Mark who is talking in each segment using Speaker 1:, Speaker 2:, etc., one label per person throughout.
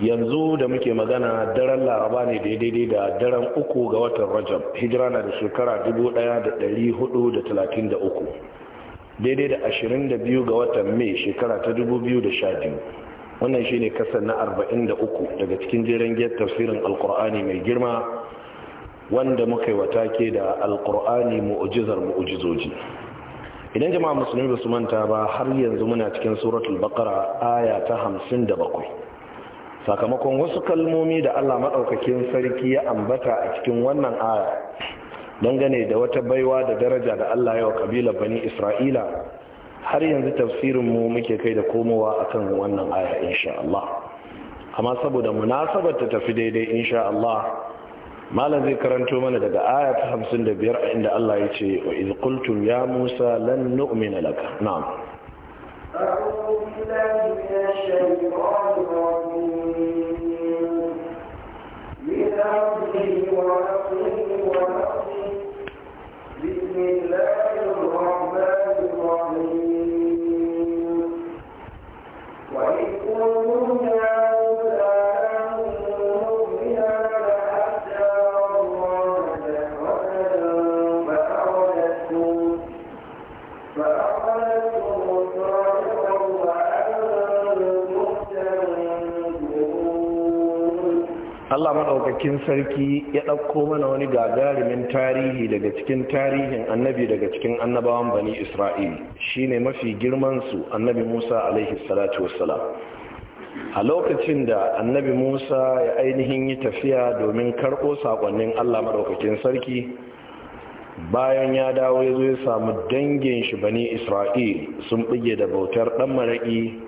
Speaker 1: yanzu da muke magana daren laraba ne daidai da daren uku ga watan rajab hijira na da shekara 1433 daidai da 22 ga watan mai shekara ta 2012 wannan shi ne kasar na 43 daga cikin jiran giyar tafsirin alkur'ani mai girma wanda muka yi wata ke da alkur'ani mu'ujizar mu'ujizoji idan jama'a musulmi ba su manta ba har yanzu muna cikin suratul baqara aya ta 57 sakamakon wasu kalmomi da Allah maɗaukakin sarki ya ambata a cikin wannan aya dangane da wata baiwa da daraja da Allah ya wa kabila bani Isra'ila har yanzu tafsirin mu muke kai da komowa akan wannan aya insha Allah amma saboda munasabar ta tafi daidai insha Allah malam zai karanto mana daga aya ta 55 inda Allah ya ce wa qultum ya Musa lan nu'mina laka na'am
Speaker 2: أعوذ بالله من الشيطان الرجيم ربي ونصري ونصري بسم الله
Speaker 1: Allah maɗaukakin sarki ya ɗauko mana wani gagarumin tarihi daga cikin tarihin annabi daga cikin annabawan bani Isra'il shine mafi girmansu annabi Musa alaihi salatu wassalam. A lokacin da annabi Musa ya ainihin yi tafiya domin karɓo saƙonnin Allah maɗaukakin sarki bayan ya dawo ya zo ya samu dangin shi bani Isra'il sun ɓige da bautar ɗan maraƙi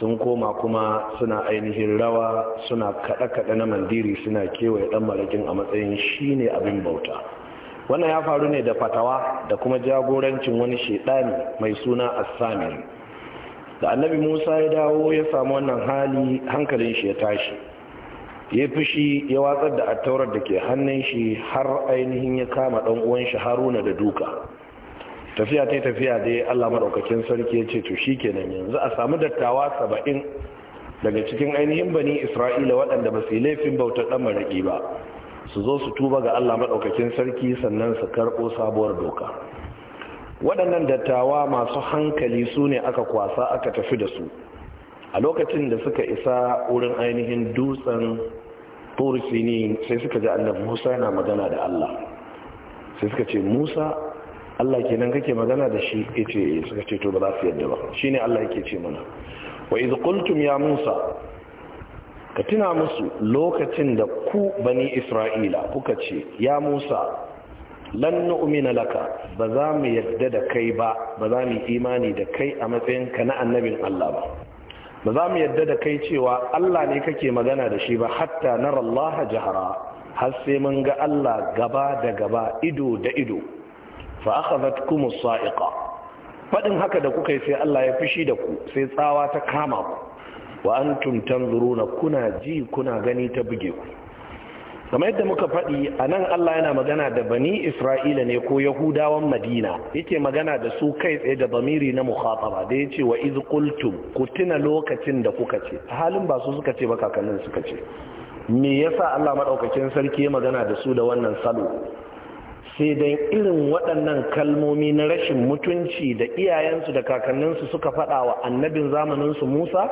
Speaker 1: sun koma kuma suna ainihin rawa suna kaɗe-kaɗe na mandiri suna kewaye ɗan malakin a matsayin shi ne abin bauta wannan ya faru ne da fatawa da kuma jagorancin wani shaidani mai suna assamiri da annabi musa ya dawo ya samu wannan hali hankalin shi ya tashi ya fushi ya watsar da attaurar da ke hannun shi har ainihin ya kama ɗan uwan shi haruna da duka tafiya ta tafiya dai Allah madaukakin sarki ya ce to shikenan yanzu a samu dattawa saba'in daga cikin ainihin bani Isra'ila waɗanda ba su laifin bauta ɗan mariki ba su zo su tuba ga Allah maɗaukakin sarki sannan su karɓo sabuwar doka waɗannan dattawa masu hankali su ne aka kwasa aka tafi da su a lokacin da suka isa wurin ainihin dutsen turisini sai suka ji annabi Musa yana magana da Allah sai suka ce Musa Allah kenan kake magana da shi ce suka ce to ba za su yadda ba shine Allah yake ce mana wa idh qultum ya Musa ka tuna musu lokacin da ku bani Isra'ila kuka ce ya Musa lan nu'mina laka ba za mu yadda da kai ba ba za mu imani da kai a matsayin ka na annabin Allah ba ba za mu yadda da kai cewa Allah ne kake magana da shi ba hatta nara Allah jahara har sai mun ga Allah gaba da gaba ido da ido fa kum as-sa'iqa fadin haka da kuka yi sai Allah ya fishi da ku sai tsawa ta kama ku wa antum tanzuruna kuna ji kuna gani ta buge ku kamar yadda muka faɗi a nan Allah yana magana da bani Isra'ila ne ko Yahudawan Madina yake magana da su kai tsaye da bamiri na mukhataba da yace wa iz qultum ku tuna lokacin da kuka ce halin ba su suka ce ba kakannin suka ce me yasa Allah madaukakin sarki ya magana da su da wannan salo sai dai irin waɗannan kalmomi na rashin mutunci da iyayensu da kakanninsu suka faɗa wa annabin zamaninsu musa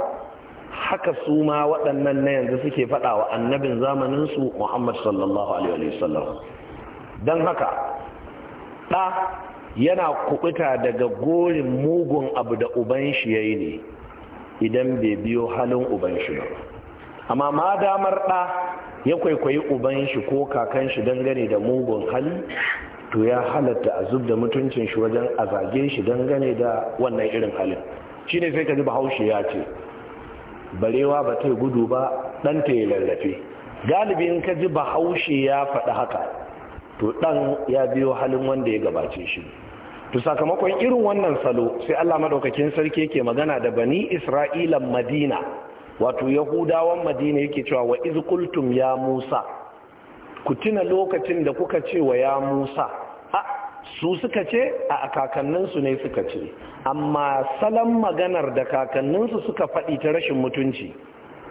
Speaker 1: haka su ma waɗannan na yanzu suke faɗa wa annabin zamaninsu muhammad sallallahu alaihi wasallam don haka ɗa yana kuɓuta daga gorin mugun abu da uban shi ya yi ne idan bai biyo halin uban shi ba amma ma damar ɗa ya kwaikwayi uban shi ko kakan shi dangane da mugun hali to ya halatta a zub da mutuncin shi wajen a zage shi dangane da wannan irin halin Shi ne sai ka ji bahaushe ya ce barewa ba ta gudu ba ta ya lallafe galibin ka ji bahaushe ya faɗi haka to ɗan ya biyo halin wanda ya gabace shi to sakamakon irin wannan salo sai allah maɗaukakin sarki yake magana da bani isra'ilan madina wato yahudawan madina yake cewa wa izkultum ya musa ku tuna lokacin da kuka ce wa ya musa a su suka ce a kakanninsu ne suka ce amma salon maganar da kakanninsu suka faɗi ta rashin mutunci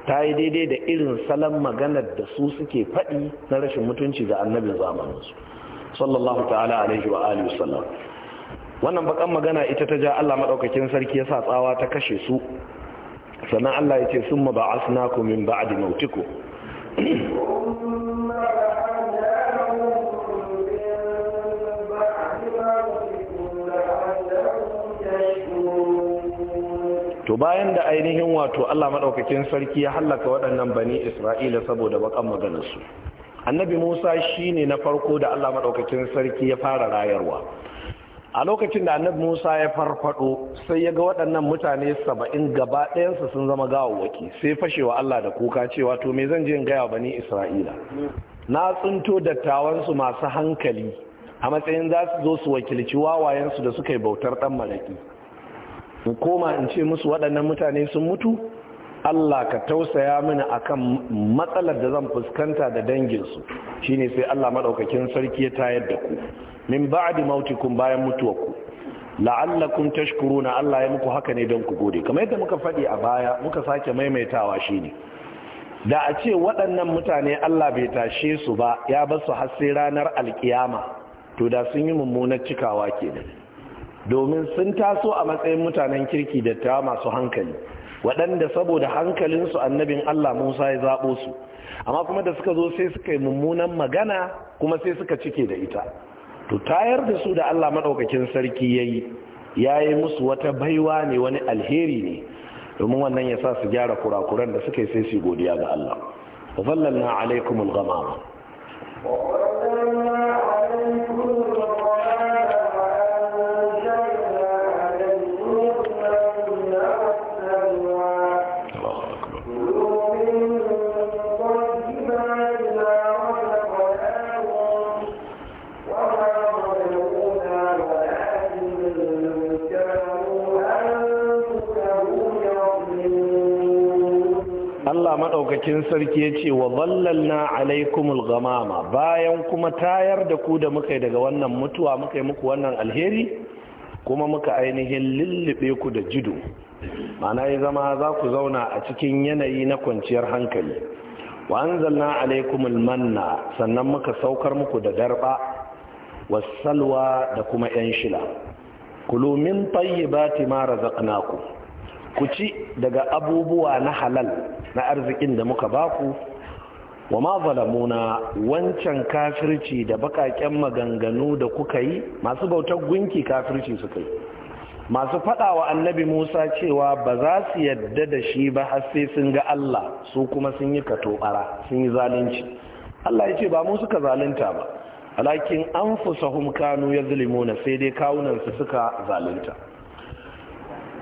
Speaker 1: ta yi daidai da irin salon maganar da su suke faɗi na rashin mutunci ga annabin zamaninsu sallallahu ta'ala alaihi wa alihi wasallam wannan bakan magana ita ta ja Allah madaukakin sarki yasa tsawa ta kashe su sannan Allah ya ce sun maba'asna ku min ba'adi mautiku to bayan da ainihin wato Allah maɗaukakin sarki ya hallaka waɗannan bani Isra'ila saboda baƙan maganarsu annabi Musa shi ne na farko da Allah maɗaukakin sarki ya fara rayarwa a lokacin da annabi musa ya farfado sai ya ga waɗannan mutane saba'in gaba ɗayansu sun zama gawawwaki sai fashewa allah da kuka cewa to me zan je in gaya bani isra'ila na tsinto dattawansu masu hankali a matsayin za su zo su wakilci wawayensu da suka yi bautar ɗan malaki in koma in ce musu waɗannan mutane sun mutu allah ka tausaya mini akan matsalar da zan fuskanta da danginsu shine sai allah maɗaukakin sarki ya tayar da ku min ba'di mautikum bayan La'allakun la'allakum tashkuruna Allah ya muku haka ne don ku gode kamar yadda muka faɗi a baya muka sake maimaitawa shi ne. da a ce waɗannan mutane Allah bai tashe su ba ya ba su har sai ranar alkiyama to da sun yi mummunar cikawa kenan domin sun taso a matsayin mutanen kirki da ta masu hankali waɗanda saboda hankalinsu annabin Allah Musa ya zaɓo su amma kuma da suka zo sai suka yi mummunan magana kuma sai suka cike da ita to tayar da su da Allah madaukakin sarki yayi yayi musu wata baiwa ne wani alheri ne domin wannan ya sa su gyara kurakuran da suka yi sai su godiya ga Allah wa zallalna alaikumul ghamama wa Allah maɗaukakin sarki ya ce wa na alaikumul gamama bayan kuma tayar da ku da muka daga wannan mutuwa muka yi muku wannan alheri kuma muka ainihin lullube ku da jido mana ya zama za ku zauna a cikin yanayi na kwanciyar hankali wa anzalna alaikumul manna sannan muka saukar muku da darba wasalwa da kuma yan shila kulumin tayyibati ma razaqnakum ku ci daga abubuwa na halal na arzikin da muka baku wa ma zalamuna wancan kafirci da bakaken maganganu da kuka yi masu bautar gunki kafirci suka yi masu faɗa wa annabi musa cewa ba za su yadda da shi ba har sai sun ga allah su kuma sun yi kato katobara sun yi zalunci allah ya ce ba mu suka zalunta ba alakin an fusa kanu ya zulimuna sai dai kawunansu suka zalunta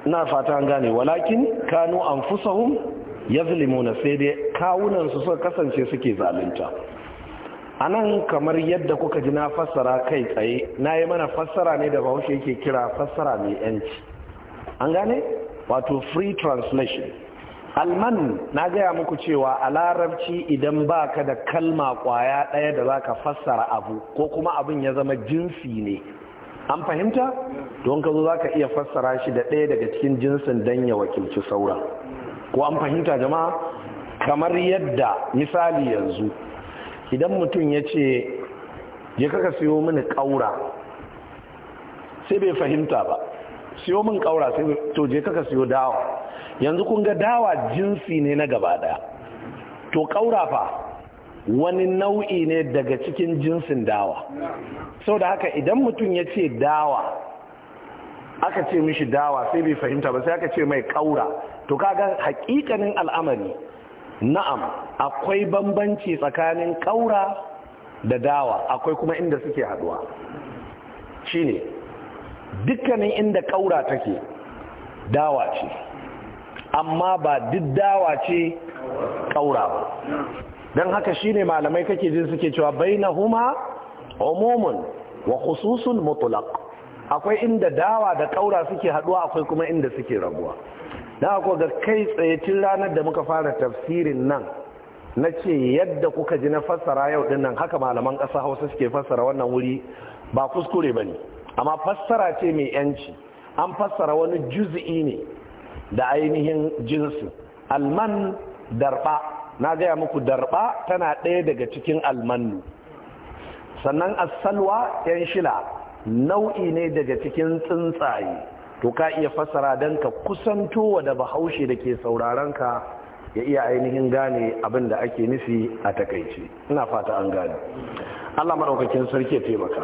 Speaker 1: ina fata an gane walakin kanu anfusahum yazlimuna sai dai kawunansu suka kasance suke zalunta anan kamar yadda kuka ji na fassara kai tsaye na yi mana fassara ne da bahaushe yake kira fassara mai yanci an gane wato free translation alman na gaya muku cewa a larabci idan ba ka da kalma kwaya ɗaya da za ka fassara abu ko kuma abin ya zama jinsi ne an fahimta don ka zo za ka iya fassara shi da ɗaya daga cikin jinsin don ya wakilci sauran ko an fahimta jama'a kamar yadda misali yanzu idan mutum ya ce ya kaka siyo mini ƙaura sai bai fahimta ba siyo min ƙaura sai to je kaka siyo dawa yanzu kun ga dawa jinsi ne na gaba ɗaya to ƙaura fa wani nau'i ne daga cikin jinsin dawa sau da haka idan mutum ya ce dawa aka ce mishi dawa sai bai fahimta ba sai aka ce mai kaura to kaga hakikanin al'amari na'am akwai bambanci tsakanin kaura da dawa akwai kuma inda suke haduwa shine dukkanin inda kaura take dawa ce amma ba duk dawa ce ƙaura ba don haka shine malamai kake jin suke cewa bainahuma umumun wa khususun mutlaq akwai inda dawa da kaura suke haduwa akwai kuma inda suke rabuwa da ako ga kai tsaye tun ranar da muka fara tafsirin nan na ce yadda kuka ji na fassara yau din nan haka malaman ƙasa hausa suke fassara wannan wuri ba kuskure ba ne amma fassara ce mai yanci an fassara wani juz'i ne da ainihin jinsi alman darba na gaya muku darba tana ɗaya daga cikin almanu sannan asalwa yan shila nau'i ne daga cikin tsuntsaye to ka iya fasara don ka kusantowa da bahaushe da ke sauraron ka ya iya ainihin gane abin da ake nufi a takaice ina fata an gane allah maɗaukakin sarki ya taimaka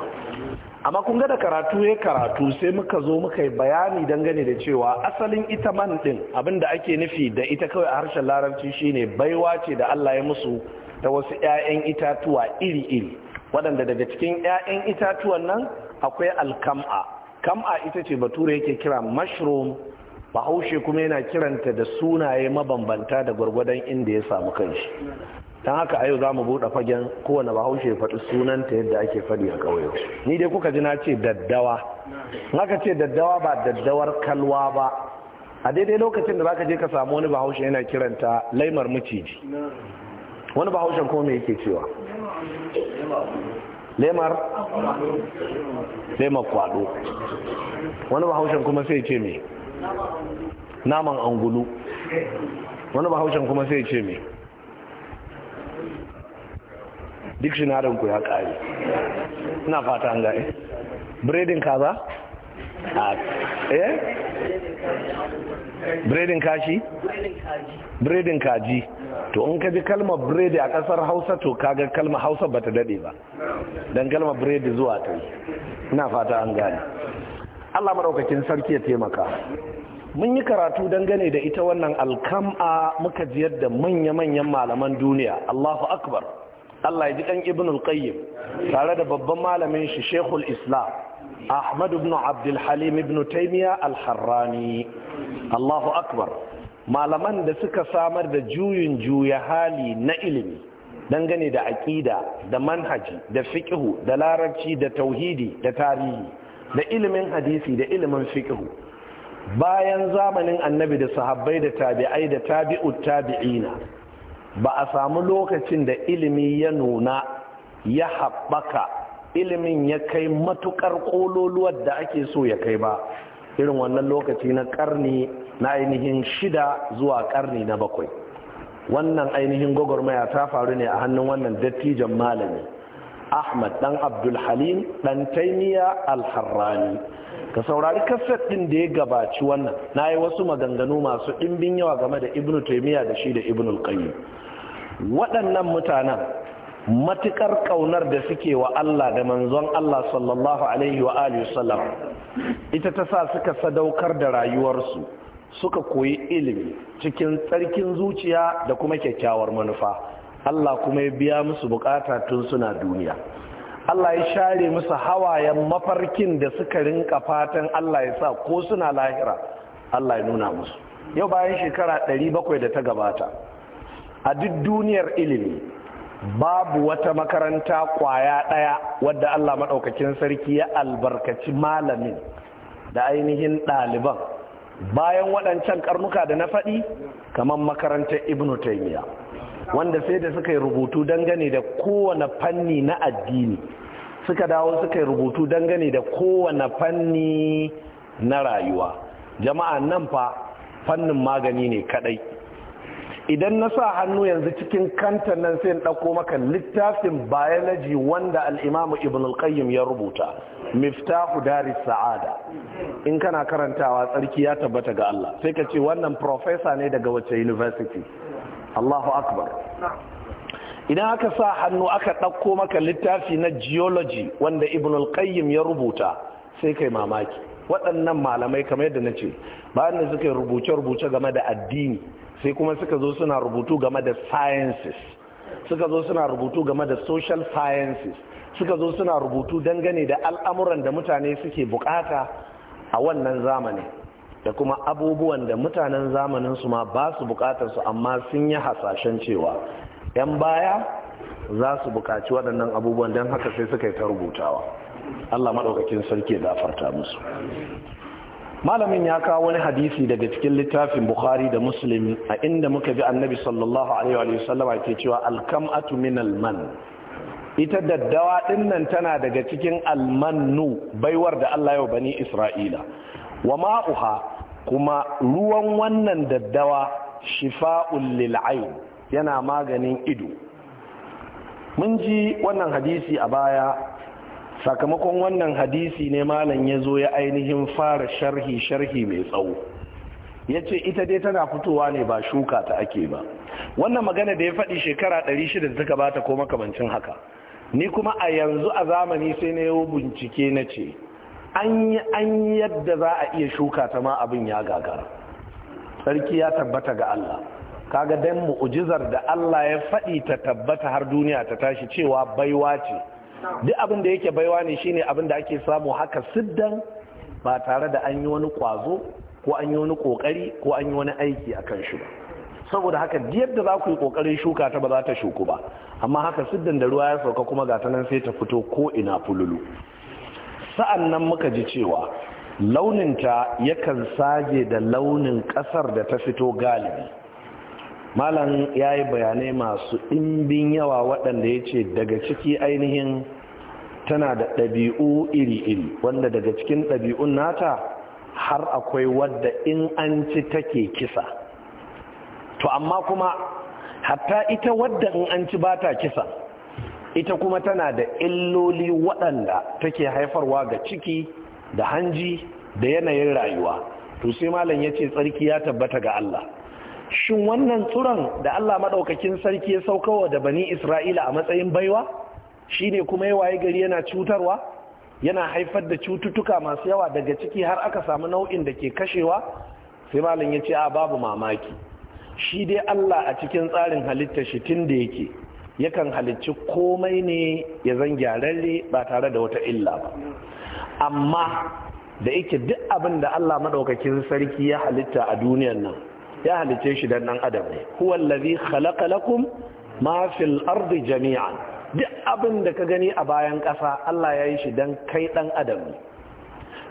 Speaker 1: amma kun ga da karatu ya karatu sai muka zo muka yi bayani dangane da cewa asalin ita man din abinda ake nufi da ita kawai a harshen larabci shine baiwa ce da Allah ya musu ta wasu 'ya'yan itatuwa iri-iri waɗanda daga cikin 'ya'yan itatuwan nan akwai alkam'a kam'a ita ce bature yake kira mushroom bahaushe kuma yana kiranta da sunaye mabambanta da gwargwadon inda ya samu kanshi don haka a yau za mu buɗe fagen kowane bahaushe faɗi sunanta yadda ake faɗi a ƙauye ni dai kuka ji na ce daddawa haka ce daddawa ba daddawar kalwa ba a daidai lokacin da za ka je ka samu wani bahaushe yana kiranta laimar maciji wani bahaushen ko me yake cewa lemar laimar kwado wani bahaushen kuma sai ce me naman angulu wani bahaushen kuma sai ce me duk ku ya kare ina fata an gaye biredin kaza
Speaker 2: eh biredin kashi biredin kaji to in ka ji kalmar biredi
Speaker 1: a kasar hausa to kaga kalmar hausa bata dade ba don kalmar biredi zuwa ta ina fata an gane
Speaker 2: allah maɗaukakin sarki
Speaker 1: ya taimaka mun yi karatu dangane da ita wannan alkam'a muka ji yadda manya-manyan malaman duniya allahu akbar Allah ya ji ɗan Ibn al-Qayyim tare da babban malamin shi shekul Islam Ahmad ibn Abdul Halim ibn Taymiyyah al-Harrani Allahu akbar malaman da suka samar da juyin juya hali na ilimi dangane da aƙida da manhaji da fiƙihu da larabci da tauhidi da tarihi da ilimin hadisi da ilimin fiƙihu bayan zamanin annabi da sahabbai da tabi'ai da tabi'ut tabi'ina ba a samu lokacin da ilimi ya nuna ya haɓaka ilimin ya kai matuƙar ƙololuwar da ake so ya kai ba irin wannan lokaci na ƙarni na ainihin shida zuwa ƙarni na bakwai wannan ainihin gwagwarmaya ta faru ne a hannun wannan dattijan malami ahmad ɗan abdulhalim ɗan taimiya alharrani ka saurari kaset ɗin da ya gabaci wannan na yi wasu maganganu masu ɗimbin yawa game da ibnu taimiyya da shi da ibnu alƙayyim waɗannan mutanen matuƙar ƙaunar da suke wa Allah da manzon Allah sallallahu alaihi wa Alaihi ita ta sa suka sadaukar da rayuwarsu suka koyi ilimi cikin tsarkin zuciya da kuma kyakkyawar manufa Allah kuma ya biya musu bukata tun suna duniya Allah ya share musu hawayen mafarkin da suka rinka fatan Allah ya sa ko suna lahira Allah ya nuna musu yau bayan shekara 700 da ta gabata a duk duniyar ilimi babu wata makaranta kwaya ɗaya wadda Allah maɗaukakin sarki ya albarkaci malamin da ainihin ɗaliban bayan waɗancan karnuka da na faɗi kamar makarantar ibnu Taimiya, wanda sai da suka yi rubutu dangane da kowane fanni na addini suka dawo suka yi rubutu dangane da kowane fanni na rayuwa jama'a nan fa fannin magani ne kadai idan na sa hannu yanzu cikin kantan nan sai ɗauko maka littafin biology wanda al'imamu ibn al-qayyim ya rubuta miftahu daris sa'ada in kana karantawa tsarki ya tabbata ga Allah sai ka ce wannan professor ne daga wace university Allahu akbar idan aka sa hannu aka ɗauko maka littafi na geology wanda ibn al-qayyim ya rubuta sai kai mamaki waɗannan malamai kamar yadda na ce bayan da suka rubuce-rubuce game da addini sai kuma suka zo suna rubutu game da sciences suka zo suna rubutu game da social sciences suka zo suna rubutu dangane da al'amuran da mutane suke bukata a wannan zamani da kuma abubuwan da mutanen zamanin su ma ba su bukatar su amma sun yi hasashen cewa 'yan baya za su bukaci waɗannan abubuwan don haka sai suka yi ta rubutawa Allah maɗaukakin sarki ya gafarta musu malamin ya kawo wani hadisi daga cikin littafin bukhari da muslim a inda muka bi annabi sallallahu alaihi wa sallama ke cewa alkam'atu min alman ita daddawa ɗinnan tana daga cikin almannu baiwar da Allah yau bani isra'ila wa ma'uha kuma ruwan wannan daddawa shifa'un lil yana maganin ido mun ji wannan hadisi a baya sakamakon wannan hadisi ne malam ya zo ya ainihin fara sharhi sharhi mai tsawo ya ce ita dai tana fitowa ne ba shuka ta ake ba wannan magana da ya faɗi shekara 600 suka bata ko makamancin haka ni kuma a yanzu a zamani sai na yau bincike na ce an yi yadda za a iya shuka ta ma abin ya gagara sarki ya tabbata ga Allah kaga dan mu'ujizar da Allah ya faɗi ta tabbata har duniya ta tashi cewa baiwa ce duk abin da yake baiwa ne shine abin da ake samu haka siddan ba tare da an yi wani kwazo ko an yi wani kokari ko an yi wani aiki a kan shi ba saboda haka yadda za ku yi kokarin shuka ta ba za ta shuku ba amma haka siddan da ruwa ya sauka kuma ga ta nan sai ta fito ko ina fululu sa'an nan muka ji cewa launin ta yakan saje da launin ƙasar da ta fito galibi malam ya yi bayanai masu ɗimbin yawa waɗanda ya ce daga ciki ainihin tana da ɗabi'u iri-iri wanda daga cikin ɗabi'un nata har akwai wadda in an ci take kisa to amma kuma hatta ita wadda in an ci ba kisa ita kuma tana da illoli waɗanda take haifarwa ga ciki da hanji da yanayin rayuwa to sai malam ya ce tsarki ya tabbata ga Allah shin wannan tsuron da Allah maɗaukakin sarki ya saukawa da bani Isra'ila a matsayin baiwa? Shi ne kuma ya waye gari yana cutarwa yana haifar da cututtuka masu yawa daga ciki har aka samu nau'in da ke kashewa sai malam ya ce a babu mamaki shi dai Allah a cikin tsarin halitta shi tun da yake yakan halicci komai ne ya zan gyararre ba tare da wata illa ba amma da yake duk abin da Allah madaukakin sarki ya halitta a duniyar nan ya halicce shi don ɗan adam ne huwallazi khalaqa lakum ma fil ardi jami'an duk abin da ka gani a bayan ƙasa Allah ya yi shi don kai ɗan adam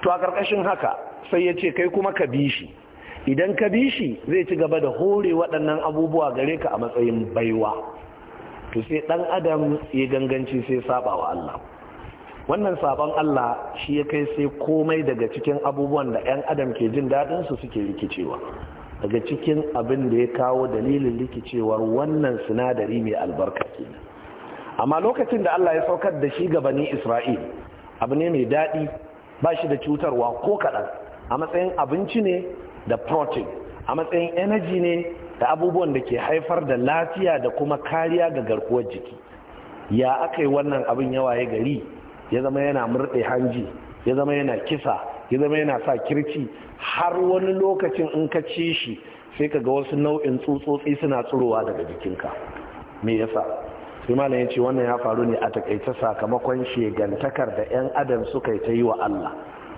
Speaker 1: to a ƙarƙashin haka sai ya ce kai kuma ka bi shi idan ka bi shi zai ci gaba da hore waɗannan abubuwa gare ka a matsayin baiwa to sai ɗan adam ya ganganci sai saba wa Allah wannan sabon Allah shi ya kai sai komai daga cikin abubuwan da 'yan adam ke jin daɗinsu suke rikicewa daga cikin abin da ya kawo dalilin rikicewar wannan sinadari mai albarka kenan amma lokacin da Allah ya saukar da shi ga bani Isra'il abu ne mai daɗi ba shi da cutarwa ko kaɗan a matsayin abinci ne da protein a matsayin energy ne da abubuwan da ke haifar da lafiya da kuma kariya ga garkuwar jiki ya aka yi wannan abin yawa ya gari ya zama yana murɗe hanji ya zama yana kisa ya zama yana sa kirci har wani lokacin in ka ci shi sai ka ga wasu nau'in tsutsotsi suna tsurowa daga jikinka me yasa sai malam ya ce wannan ya faru ne a takaice sakamakon shegantakar da 'yan adam suka yi ta yi wa Allah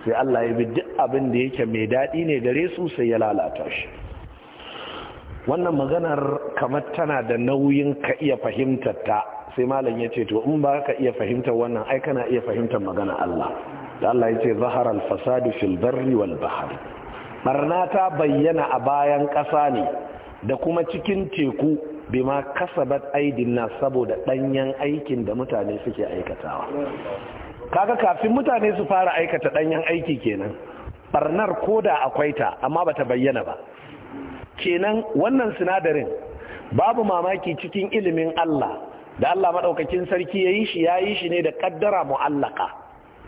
Speaker 1: sai Allah ya bi duk abin da yake mai daɗi ne gare su sai ya lalata shi wannan maganar kamar tana da nauyin ka iya fahimtar ta sai malam ya ce to in ba ka iya fahimtar wannan ai kana iya fahimtar magana Allah da Allah ya ce zahara al-fasadu fil barri wal bahr barna ta bayyana a bayan ƙasa ne da kuma cikin teku bima kasabat aidin na saboda ɗanyen aikin da mutane suke aikatawa kaga kafin mutane su fara aikata ɗanyen aiki kenan barnar koda akwai ta amma bata bayyana ba kenan wannan sinadarin babu mamaki cikin ilimin Allah da Allah maɗaukakin sarki yayi shi yayi shi ne da kaddara muallaka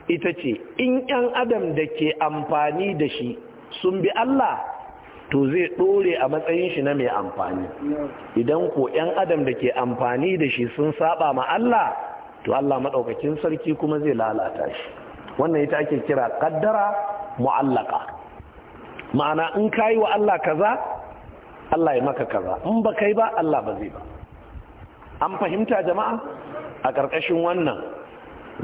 Speaker 1: ita ce in yan adam da ke amfani da shi sun bi Allah to zai ɗore a matsayin shi na mai amfani idan ko 'yan adam da ke amfani da shi sun saba ma Allah to Allah maɗaukakin sarki kuma zai lalata shi wannan ita ake kira ƙaddara mu'allaka ma'ana in ka yi wa Allah kaza Allah ya maka kaza in ba kai ba Allah ba zai ba an fahimta jama'a a ƙarƙashin wannan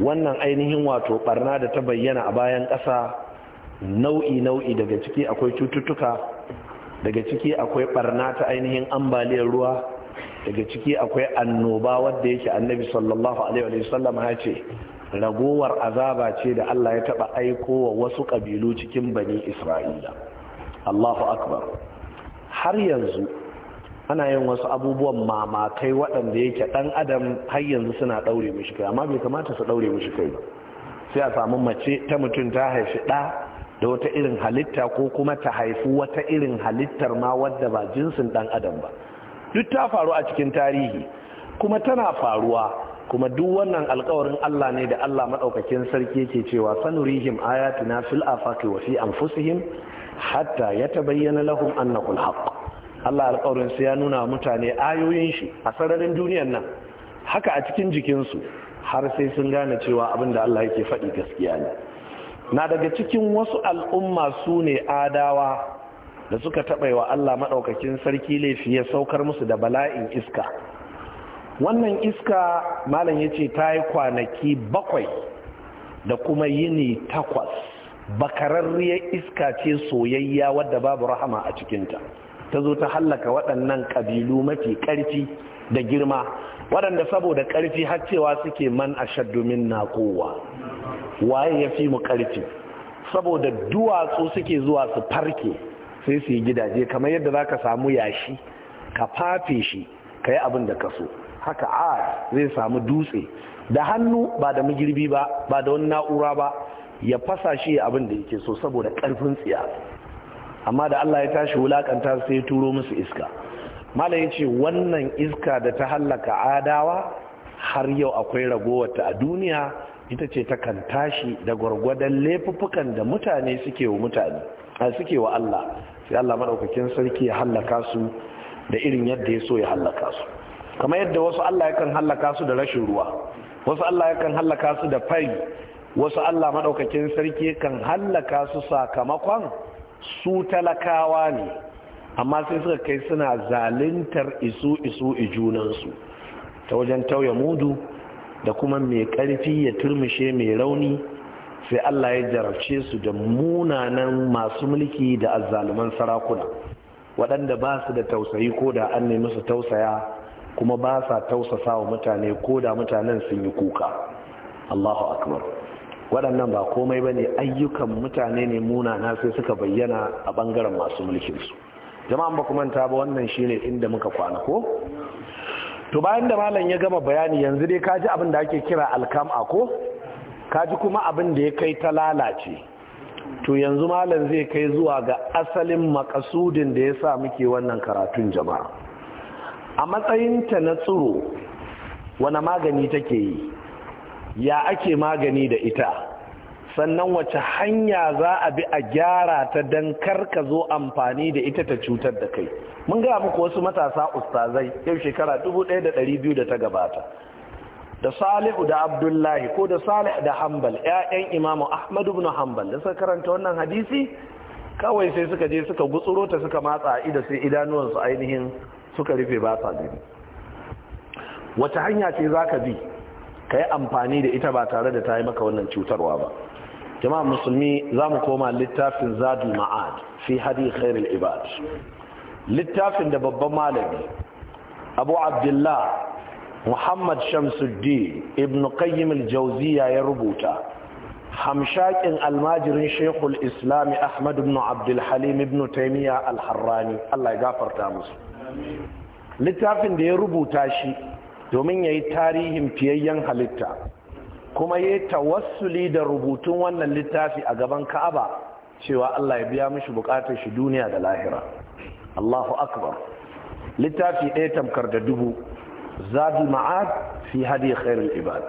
Speaker 1: wannan ainihin wato barna da ta bayyana a bayan ƙasa nau'i nau'i daga ciki akwai cututtuka daga ciki akwai barna ta ainihin ambaliyar ruwa daga ciki akwai annoba wadda yake annabi sallallahu alaihi wa sallam, ya ce ragowar azaba ce da Allah ya taba wa wasu kabilu cikin bani Isra'ila Allahu akbar har yanzu ana yin wasu abubuwan mamakai waɗanda yake ɗan adam har yanzu suna ɗaure mishi kai amma bai kamata su ɗaure mishi kai ba sai a samu mace ta mutum ta haifi ɗa da wata irin halitta ko kuma ta haifu wata irin halittar ma wadda ba jinsin dan adam ba duk ta faru a cikin tarihi kuma tana faruwa kuma duk wannan alkawarin Allah ne da Allah madaukakin sarki yake cewa sanurihim ayatina fil afaqi wa fi anfusihim hatta yatabayyana lahum annahu alhaq Allah alkawarin su ya nuna mutane ayoyin shi a sararin duniyar nan haka a cikin jikinsu har sai sun gane cewa abin da Allah yake faɗi gaskiya ne na daga cikin wasu al'umma su ne adawa da suka taɓa wa Allah maɗaukakin sarki laifi ya saukar musu da bala'in iska wannan iska malam ya ce ta yi kwanaki bakwai da kuma yini takwas bakararriyar iska ce soyayya wadda babu rahama a cikinta ta zo ta hallaka waɗannan ƙabilu mafi ƙarfi da girma waɗanda saboda ƙarfi har cewa suke man a shaddumin na kowa waye ya fi mu karfi saboda duwatsu suke zuwa su farke sai su yi gidaje kamar yadda za ka samu yashi ka fafe shi ka yi abin da ka so haka a zai samu dutse da hannu ba da magirbi ba ba da wani na'ura ba ya fasa shi abin da yake so saboda karfin tsiya amma da Allah ya tashi wulakanta sai ya turo musu iska malam ya ce wannan iska da ta hallaka adawa har yau akwai ragowarta a duniya ita ce ta kan tashi da gwargwadon laifuffukan da mutane suke wa mutane a suke wa Allah sai Allah maɗaukakin sarki ya hallaka su da irin yadda ya so ya hallaka su kamar yadda wasu Allah yakan hallaka su da rashin ruwa wasu Allah yakan hallaka su da fari wasu Allah maɗaukakin sarki kan hallaka su sakamakon su talakawa ne amma sai suka kai suna zaluntar isu isu ijunansu ta wajen tauye mudu da kuma mai ƙarfi ya turmushe mai rauni sai Allah ya jarabce su da munanan masu mulki da azzaluman sarakuna waɗanda ba su da tausayi ko da an nemi su tausaya kuma ba sa tausasa wa mutane ko da mutanen sun yi kuka Allahu akbar waɗannan ba komai ba ne ayyukan mutane ne munana sai suka bayyana a ɓangaren masu mulkinsu jama'an ba kuma ta ba wannan shine inda muka kwana ko to bayan da malam ya gama bayani yanzu dai kaji abin da ake kira alkam a ko kaji kuma abin da ya kai ta lalace to yanzu malam zai kai zuwa ga asalin makasudin da ya sa muke wannan karatun jama'a a matsayinta na tsiro wani magani take yi ya ake magani da ita sannan wace hanya za a bi a gyara ta don karka zo amfani da ita ta cutar da kai mun gaya muku wasu matasa ustazai yau shekara 1200 da ta gabata da salihu da abdullahi ko da Salihu da hambal 'ya'yan imamu ahmadu bin hambal da suka karanta wannan hadisi kawai sai suka je suka gutsuro ta suka matsa a ida sai idanuwansu ainihin suka rufe ba sa gani wata hanya ce za ka bi ka yi amfani da ita ba tare da ta yi maka wannan cutarwa ba jama'a musulmi za mu koma littafin zadul ma'ad fi hadi khairul ibad littafin da babban malami abu abdullah muhammad shamsuddin ibn qayyim al-jawziya ya rubuta hamshakin almajirin shekul islami ahmad ibn abdulhalim ibn taimiyya al-harrani allah ya gafarta musu littafin da ya rubuta shi domin ya yi tarihin fiyayyen halitta kuma ya tawassuli da rubutun wannan littafi a gaban ka'aba cewa Allah ya biya mishi bukatar shi duniya da lahira Allahu akbar littafi ɗaya tamkar da dubu zabi ma'ad fi hadi khairul ibad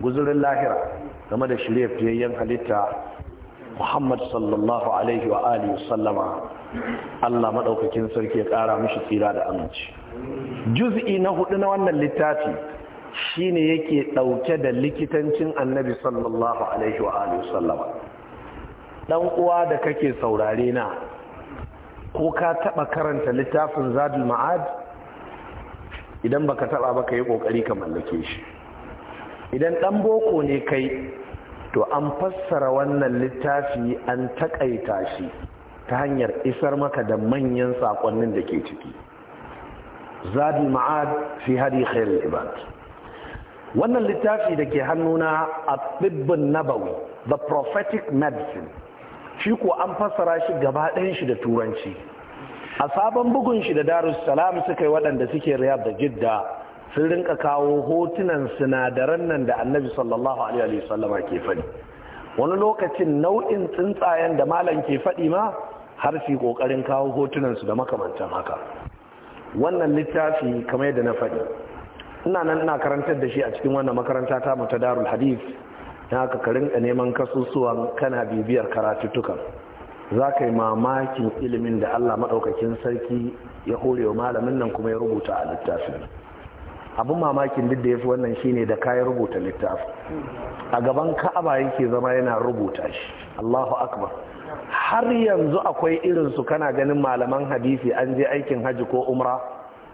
Speaker 1: guzurin lahira game da shirye fiyayyen halitta Muhammad sallallahu alaihi wa alihi sallama Allah madaukakin sarki ya kara mishi tsira da aminci juz'i na hudu na wannan littafi Shi ne yake ɗauke da likitancin annabi sallallahu alaihi wa dan uwa da kake saurare na ko ka taɓa karanta littafin zadul ma'ad idan baka taɓa ba ka yi ƙoƙari ka mallake shi idan ɗan boko ne kai to an fassara wannan littafi an taƙaita shi ta hanyar isar maka da manyan saƙonnin da ke ciki zadul ma'ad fi hadi khairul ibad wannan littafi da ke hannuna a tsibbin nabawi the prophetic medicine shi ko an fassara shi gaba ɗayan shi da turanci a sabon bugun shi da salam suka yi waɗanda suke riyar da jidda sun rinka kawo hotunan sinadaran nan da annabi sallallahu alaihi wasallama ke faɗi wani lokacin nau'in tsuntsayen da malam ke faɗi ma har su ƙoƙarin kawo hotunansu da makamantan haka wannan littafi kamar yadda na faɗi ina nan ina karantar da shi a cikin wannan makaranta ta mu ta darul hadith na ka rinka neman kasusuwan kana bibiyar karatuttukan za ka yi mamakin ilimin da allah maɗaukakin sarki ya hore wa malamin nan kuma ya rubuta a littafin abin mamakin duk da ya fi wannan shine da kayan rubuta littafi a gaban ka'aba yake zama yana rubuta shi allahu akbar har yanzu akwai irinsu kana ganin malaman hadisi an je aikin haji ko umra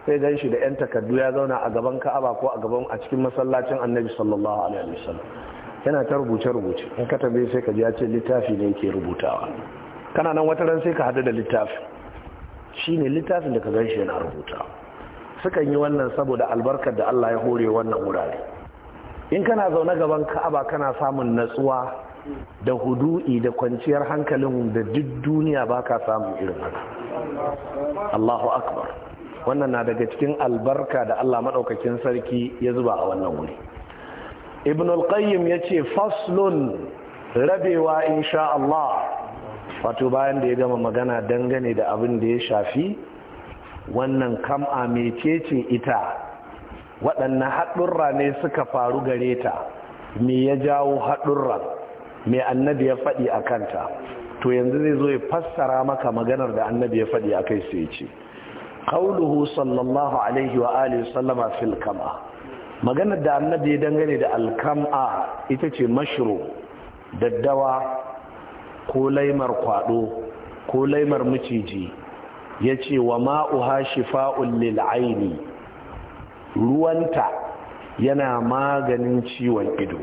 Speaker 1: sai gan shi da 'yan takardu ya zauna a gaban ka'aba ko a gaban a cikin masallacin annabi sallallahu alaihi wasallam yana ta rubuce-rubuce in ka sai ka ji ya ce littafi ne yake rubutawa kana nan wata ran sai ka hadu da littafi shine littafin da ka gan shi yana rubutawa sukan yi wannan saboda albarkar da Allah ya hore wannan wurare in kana zaune gaban ka'aba kana samun natsuwa da hudu'i da kwanciyar hankalin da duk duniya baka samu irin haka Allahu akbar wannan na daga cikin albarka da Allah maɗaukakin sarki ya zuba a wannan wuri ibn al-qayyim ya ce faslun rabewa insha Allah wato bayan da ya gama magana dangane da abin da ya shafi wannan kam'a mecece ita waɗannan haɗurra ne suka faru gare ta me ya jawo haɗurra me annabi ya faɗi a kanta to yanzu zai zo ya fassara maka maganar da annabi ya faɗi a kai sai ce Ka'uluhu sallallahu alaihi wa alihi sallama fil kam'a maganar da annabi ya dangane da alkam'a ita ce mashru daddawa ko laimar kwado ko laimar miciji yace wa ma'uha shifa'un lil aini ruwanta yana maganin ciwon ido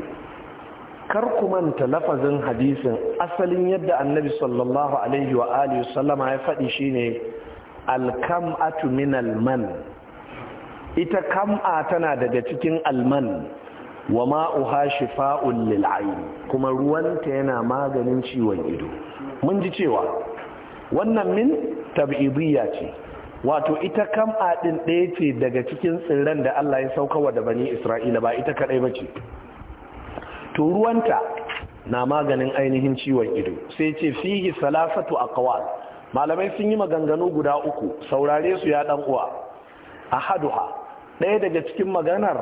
Speaker 1: kar ku manta lafazin hadisin asalin yadda annabi sallallahu alaihi wa alihi sallama ya faɗi shine atu min alman ita kam'a tana daga cikin alman wa ma'uha shifa'un lil kuma ruwanta yana maganin ciwon ido mun ji cewa wannan min tab'idiyya ce wato ita kam'a din ɗaya ce daga cikin tsirran da Allah ya saukawa da bani Isra'ila ba ita kadai ba ce to ruwanta na maganin ainihin ciwon ido sai ce fihi salasatu aqwal malamai sun yi maganganu guda uku saurare su ya dan uwa ahaduha ɗaya daga cikin maganar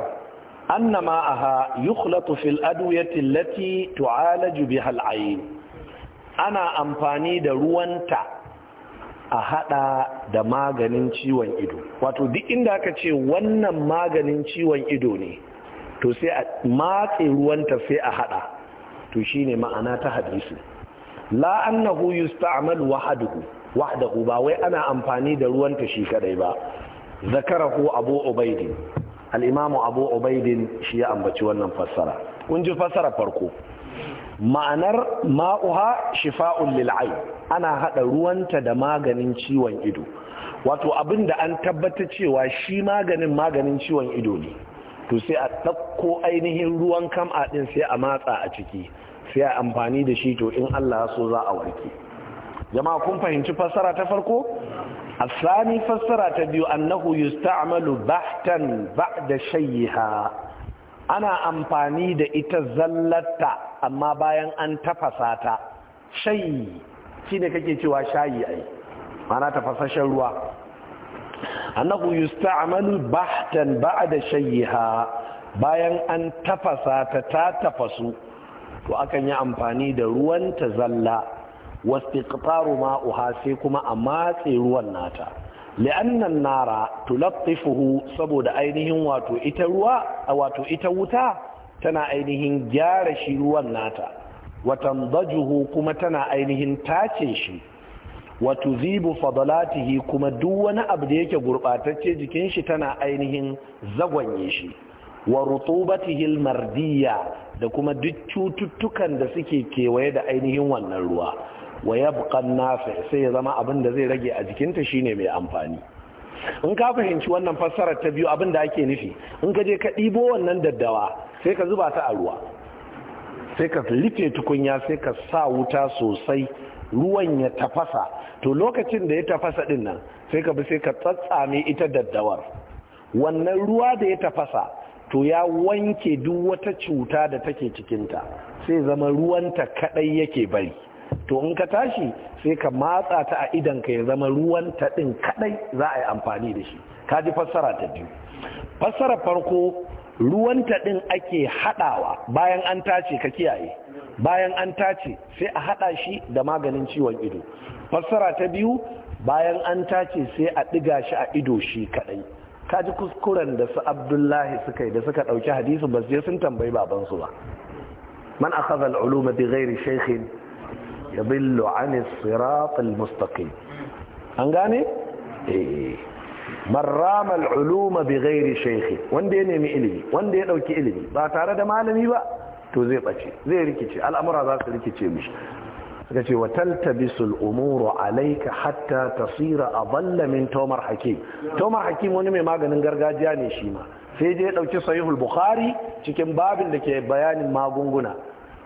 Speaker 1: annama aha yukhlatu fil adwiyati allati tu'alaju biha al'ayn ana amfani da ruwanta a hada da maganin ciwon ido wato duk inda aka ce wannan maganin ciwon ido ne to sai a matse ruwanta sai a hada to shine ma'ana ta hadisi la annahu yusta'malu wahaduhu wahdahu ba wai ana amfani da ruwan ta shi kadai ba zakarahu abu ubaidin al-imamu abu ubaidin shi ya ambaci wannan fassara kun ji fassara farko ma'anar ma'uha shifa'un lil'ai ana hada ruwanta da maganin ciwon ido wato abinda an tabbata cewa shi maganin maganin ciwon ido ne to sai a ɗauko ainihin ruwan kam'a ɗin sai a matsa a ciki sai a amfani da shi to in allah so za a warke jama'a kun fahimci fassara ta farko asani fassara ta biyu annahu yusta'malu bahtan ba'da shayha ana amfani da ita zallata amma bayan an tafasa ta shayi shine kake cewa shayi ai mana tafasashen ruwa annahu yusta'malu bahtan ba'da shayha bayan an tafasa ta ta tafasu to akan yi amfani da ruwan ta zalla Wasu wastiqtaru ma'uha sai kuma a matse ruwan nata li'annan nara tulattifuhu saboda ainihin wato ita ruwa wato ita wuta tana ainihin gyara shi ruwan nata watan dajuhu kuma tana ainihin tace shi wato zibu fadalatihi kuma duk wani abu da yake gurɓatacce jikin shi tana ainihin zagwanye shi wa rutubatihil mardiya da kuma duk cututtukan da suke kewaye da ainihin wannan ruwa wa yabqa nafi sai ya zama abin da zai rage a jikinta shine mai amfani in ka fahimci wannan fassarar ta biyu abin da ake nufi in ka je ka ɗibo wannan daddawa sai ka zuba ta a ruwa sai ka lite tukunya sai ka sa wuta sosai ruwan ya tafasa to lokacin da ya tafasa din nan sai ka bi sai ka tsatsame ita daddawar wannan ruwa da ya tafasa to ya wanke duk wata cuta da take cikinta sai zama ruwanta kadai yake bari to in ka tashi sai ka matsa ta a idan ka ya zama ruwan taɗin kaɗai. za a yi amfani da shi ka ji fassara ta biyu fassara farko ruwan ta ake haɗawa bayan an tace ka kiyaye bayan an tace sai a haɗa shi da maganin ciwon ido fassara ta biyu bayan an tace sai a ɗiga shi a ido shi kaɗai. ka ji kuskuren da su abdullahi suka yi da suka ɗauki hadisi ba sai sun tambayi babansu ba man akhadha al-uluma bi ghairi yadillu an sirat al-mustaqim an gane eh man rama al bi ghairi shaykh wanda ya nemi ilimi wanda ya ɗauki ilimi ba tare da malami ba to zai bace zai rikice al'amura za su rikice mishi suka ce wa taltabisu al-umuru alayka hatta tasira a min tomar hakim tomar hakim wani mai maganin gargajiya ne shi ma sai je ya ɗauki sahihul bukhari cikin babin da ke bayanin magunguna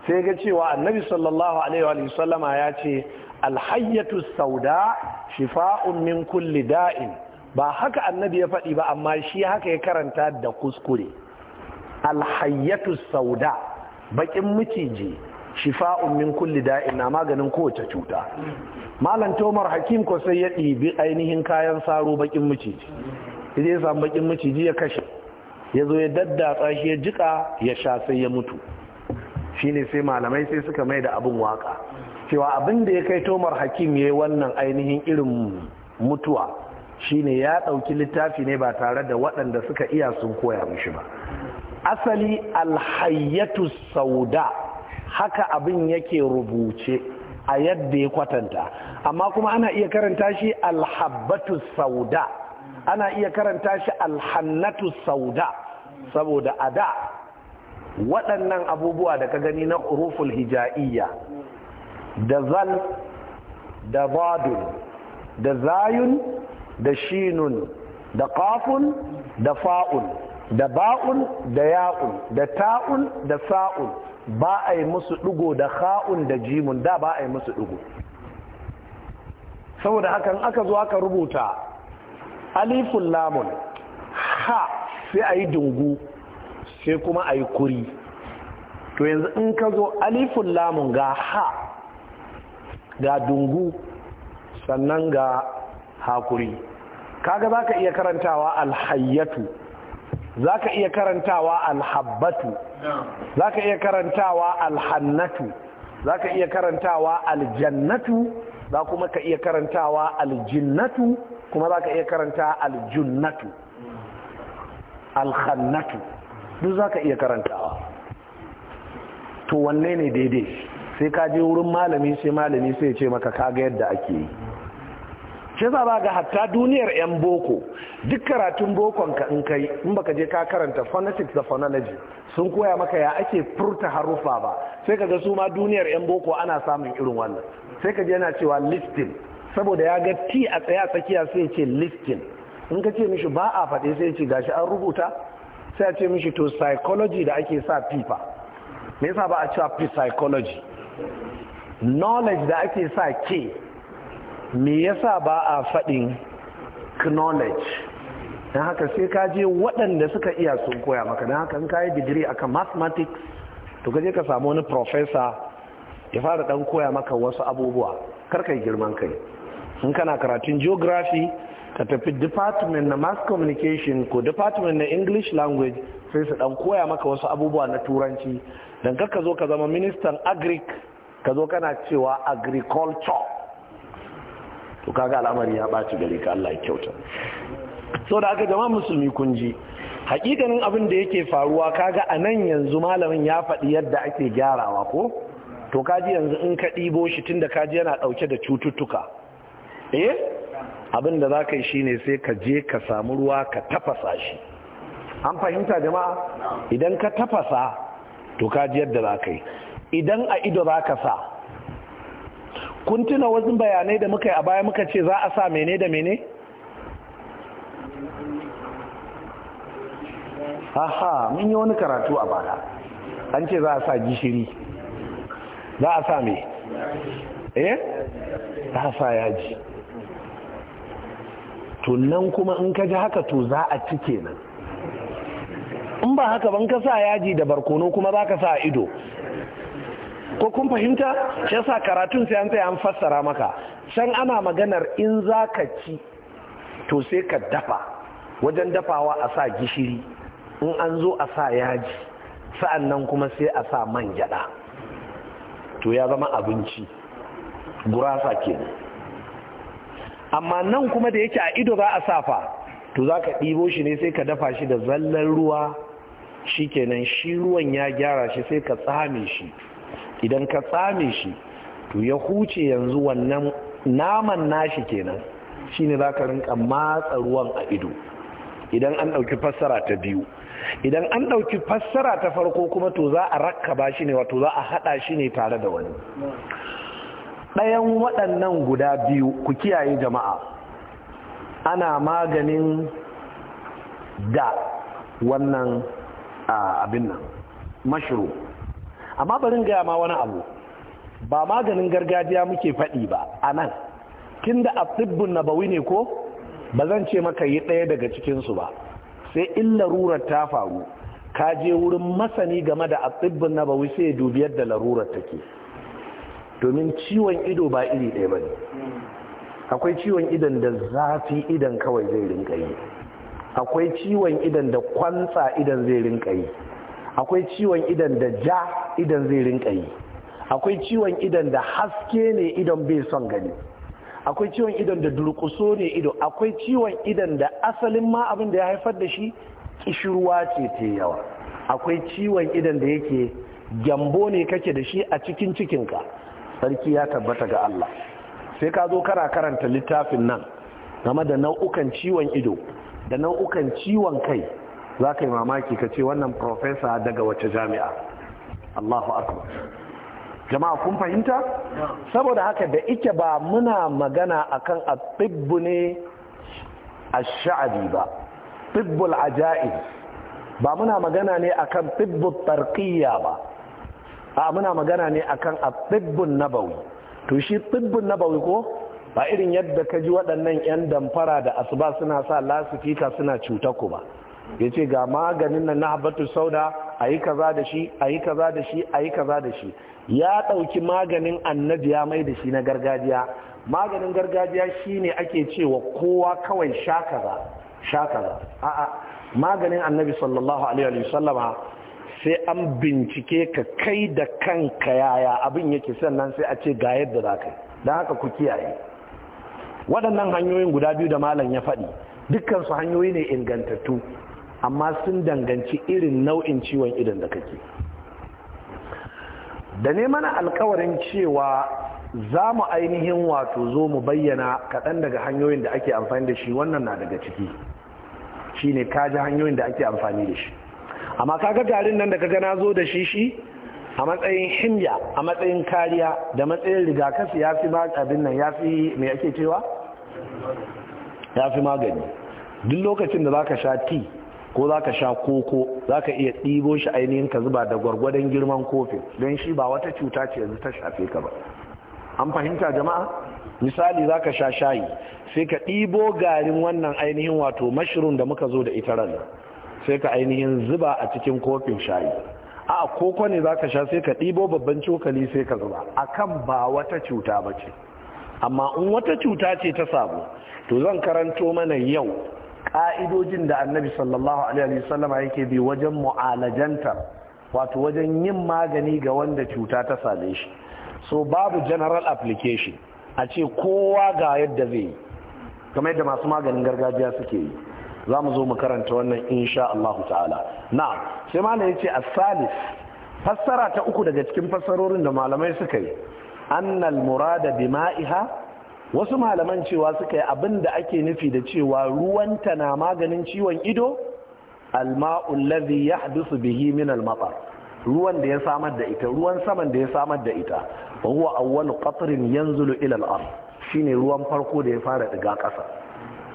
Speaker 1: sai ga cewa annabi sallallahu alaihi wa sallama ya ce alhayyatu sauda shifa'un min kulli da'in ba haka annabi ya faɗi ba amma shi haka ya karanta da kuskure alhayyatu sauda bakin miciji shifa'un min kulli da'in na maganin kowace cuta malam tomar hakim ko sai ya ɗibi ainihin kayan saro bakin miciji idan ya samu bakin miciji ya kashe ya zo ya daddatsa shi ya jika ya sha sai ya mutu shine sai malamai sai suka mai da abin waka cewa abin da ya kai tomar hakim ya wannan ainihin irin mutuwa shine ya ɗauki littafi ne ba tare da waɗanda suka iya sun koya mishi ba asali alhayyatu sauda haka abin yake rubuce a yadda ya kwatanta amma kuma ana iya karanta shi alhabbatu sauda ana iya karanta shi alhannatu sauda saboda a da waɗannan abubuwa da ka gani na uruful hija'iyya da zal da badun da zayun da shinun da kafun da fa'un da ba'un da ya'un da ta'un da sa'un ba a yi musu ɗugo da ha'un da jimun da ba a yi musu ɗigo saboda hakan aka zo aka rubuta alifun lamun ha sai a yi dungu sai kuma a yi kuri to yanzu in ka zo alifun lamun ga ha ga dungu sannan ga hakuri kaga za ka iya karantawa alhayyatu za ka iya karantawa alhabbatu za ka iya karantawa alhannatu za ka iya karantawa aljannatu za kuma ka iya karantawa aljinnatu kuma za ka iya karanta aljunnatu alhannatu duk za ka iya karantawa to wanne ne daidai sai ka je wurin malami sai malami sai ce maka kaga yadda ake yi ce za ba ga hatta duniyar 'yan boko duk karatun bokon ka in kai in baka je ka karanta phonetics da phonology sun koya maka ya ake furta harufa ba sai ka ga su ma duniyar 'yan boko ana samun irin wannan sai ka je yana cewa listin saboda ya ga t a tsaye a tsakiya sai ce listin in ka ce mishi ba a faɗe sai ce gashi an rubuta sai a ce mishi to psychology da ake sa fifa me yasa ba a cewa psychology knowledge da ake sa ke me yasa ba a faɗin knowledge don haka sai ka je waɗanda suka iya sun koya maka don haka ka yi digiri akan mathematics to ka je ka samu wani professor ya fara ɗan koya maka wasu abubuwa karkai girman kai in kana karatun geography ka tafi department na mass communication ko department na english language sai su dan koya maka wasu abubuwa na turanci don ka zo ka zama ministan agric ka zo kana cewa agriculture to kaga al'amari ya baci gari ka Allah ya kyauta so da aka jama'a musulmi kun ji hakikanin abin da yake faruwa ka ga a nan yanzu malamin ya faɗi yadda ake gyarawa ko to kaji yanzu in ka ɗibo shi tunda kaji yana ɗauke da cututtuka eh abin da za ka yi shi ne sai ka je ka samu ruwa ka tafasa shi an fahimta jama'a idan ka tafasa to ka ji yadda za ka yi idan a ido za ka sa kun tuna wasu bayanai da muka yi a baya muka ce za a sa mene da mene? aha mun yi wani karatu a baya an ce za a sa gishiri za a sa me? eh? za a sa yaji to nan kuma in ka ji haka to za a ci kenan in ba haka ban ka sa yaji da barkono kuma za ka sa ido ko kun fahimta shi yasa karatun sai an tsaye an fassara maka can ana maganar in za ka ci to sai ka dafa wajen dafawa a sa gishiri in an zo a sa yaji sa'an nan kuma sai a sa man gyada to ya zama abinci gurasa kenan amma nan kuma da yake a ido za a safa to za ka ɗibo shi ne sai ka dafa shi da zallar ruwa shi kenan shi ruwan ya gyara shi sai ka tsame shi idan ka tsame shi to ya huce yanzu wannan naman nashi kenan shi ne za ka rinka matsa ruwan a ido idan an ɗauki fassara ta biyu idan an ɗauki fassara ta farko kuma to za a rakka ba shi ne wato za a haɗa shi ne tare da wani ɗayan waɗannan guda biyu ku kiyaye jama'a ana maganin da wannan abin nan mashiru. amma barin gaya ma wani abu ba maganin gargajiya muke faɗi ba a nan kin da na bawi ne ko ba zan ce maka yi ɗaya daga cikinsu ba sai in larurar ta faru ka je wurin masani game da na bawi sai dubiyar da larurar take domin ciwon ido ba iri ɗaya ba ne akwai ciwon idan da zafi idan kawai zai rinka yi akwai ciwon idan da kwantsa idan zai rinka yi akwai ciwon idan da ja idan zai rinka yi akwai ciwon idan da haske ne idan bai son gani akwai ciwon idan da durkuso ne ido akwai ciwon idan da asalin ma abin da ya haifar da shi kishirwa ce ta yawa akwai ciwon idan da yake gyambo ne kake da shi a cikin cikinka sarki ya tabbata ga Allah sai ka zo kana karanta littafin nan game da nau'ukan ciwon ido da nau'ukan ciwon kai za ka yi mamaki ka ce wannan profesa daga wace jami'a Allahu akbar jama'a kun fahimta saboda haka da ike ba muna magana akan atibbu ne ash-sha'bi ba tibbul ajaib ba muna magana ne akan tibbu tarqiyya ba a muna magana ne akan a tsibbin nabawi to shi tsibbin nabawi ko ba irin yadda ka ji waɗannan 'yan damfara da asuba suna sa lasifika suna cuta ku ba ya ce ga maganin nan na habbatu sauda a yi kaza da shi a yi kaza da shi a yi kaza da shi ya ɗauki maganin annabi ya mai da shi na gargajiya maganin gargajiya shine ake cewa kowa kawai sha kaza sha kaza a'a maganin annabi sallallahu alaihi Wasallama. sai an bincike ka kai da kanka yaya abin yake sannan sai a ce ga yadda za ka yi don haka ku kiyaye waɗannan hanyoyin guda biyu da malam ya faɗi dukkansu hanyoyi ne ingantattu amma sun danganci irin nau'in ciwon idan da kake da ne mana alkawarin cewa za mu ainihin wato zo mu bayyana kaɗan daga hanyoyin da ake amfani da shi wannan na daga ciki Shi shine ji hanyoyin da ake amfani da shi amma kaga garin nan da kaga na zo da shi shi a matsayin himya a matsayin kariya da matsayin rigakafi ya fi abin nan ya fi mai ake cewa ya fi magani duk lokacin da zaka sha ti ko zaka sha koko zaka iya ɗibo shi ainihin ka zuba da gwargwadon girman kofin don shi ba wata cuta ce yanzu ta shafe ka ba an fahimta jama'a misali zaka sha shayi sai ka ɗibo garin wannan ainihin wato mashirin da muka zo da ita ranar sai ka ainihin zuba a cikin kofin shayi a koko ne za ka sha sai ka ɗibo babban cokali sai ka zuba akan ba wata cuta ba ce amma in wata cuta ce ta samu to zan karanto mana yau ƙa'idojin da annabi sallallahu alaihi wasallama yake bi wajen mu'alajantar wato wajen yin magani ga wanda cuta ta same shi so babu general application a ce kowa ga yadda zai yi kamar yadda masu maganin gargajiya suke yi za mu zo mu karanta wannan insha Allah ta'ala na'am sai malam yace as-salis fassara ta uku daga cikin fassarorin da malamai suka yi annal murada bima'iha wasu malaman cewa suka yi abinda da ake nufi da cewa ruwanta na maganin ciwon ido alma'ul ladhi yahdusu bihi min al-matar ruwan da ya samar da ita ruwan saman da ya samar da ita wa huwa awwalu qatrin yanzulu ila al-ard shine ruwan farko da ya fara daga ƙasa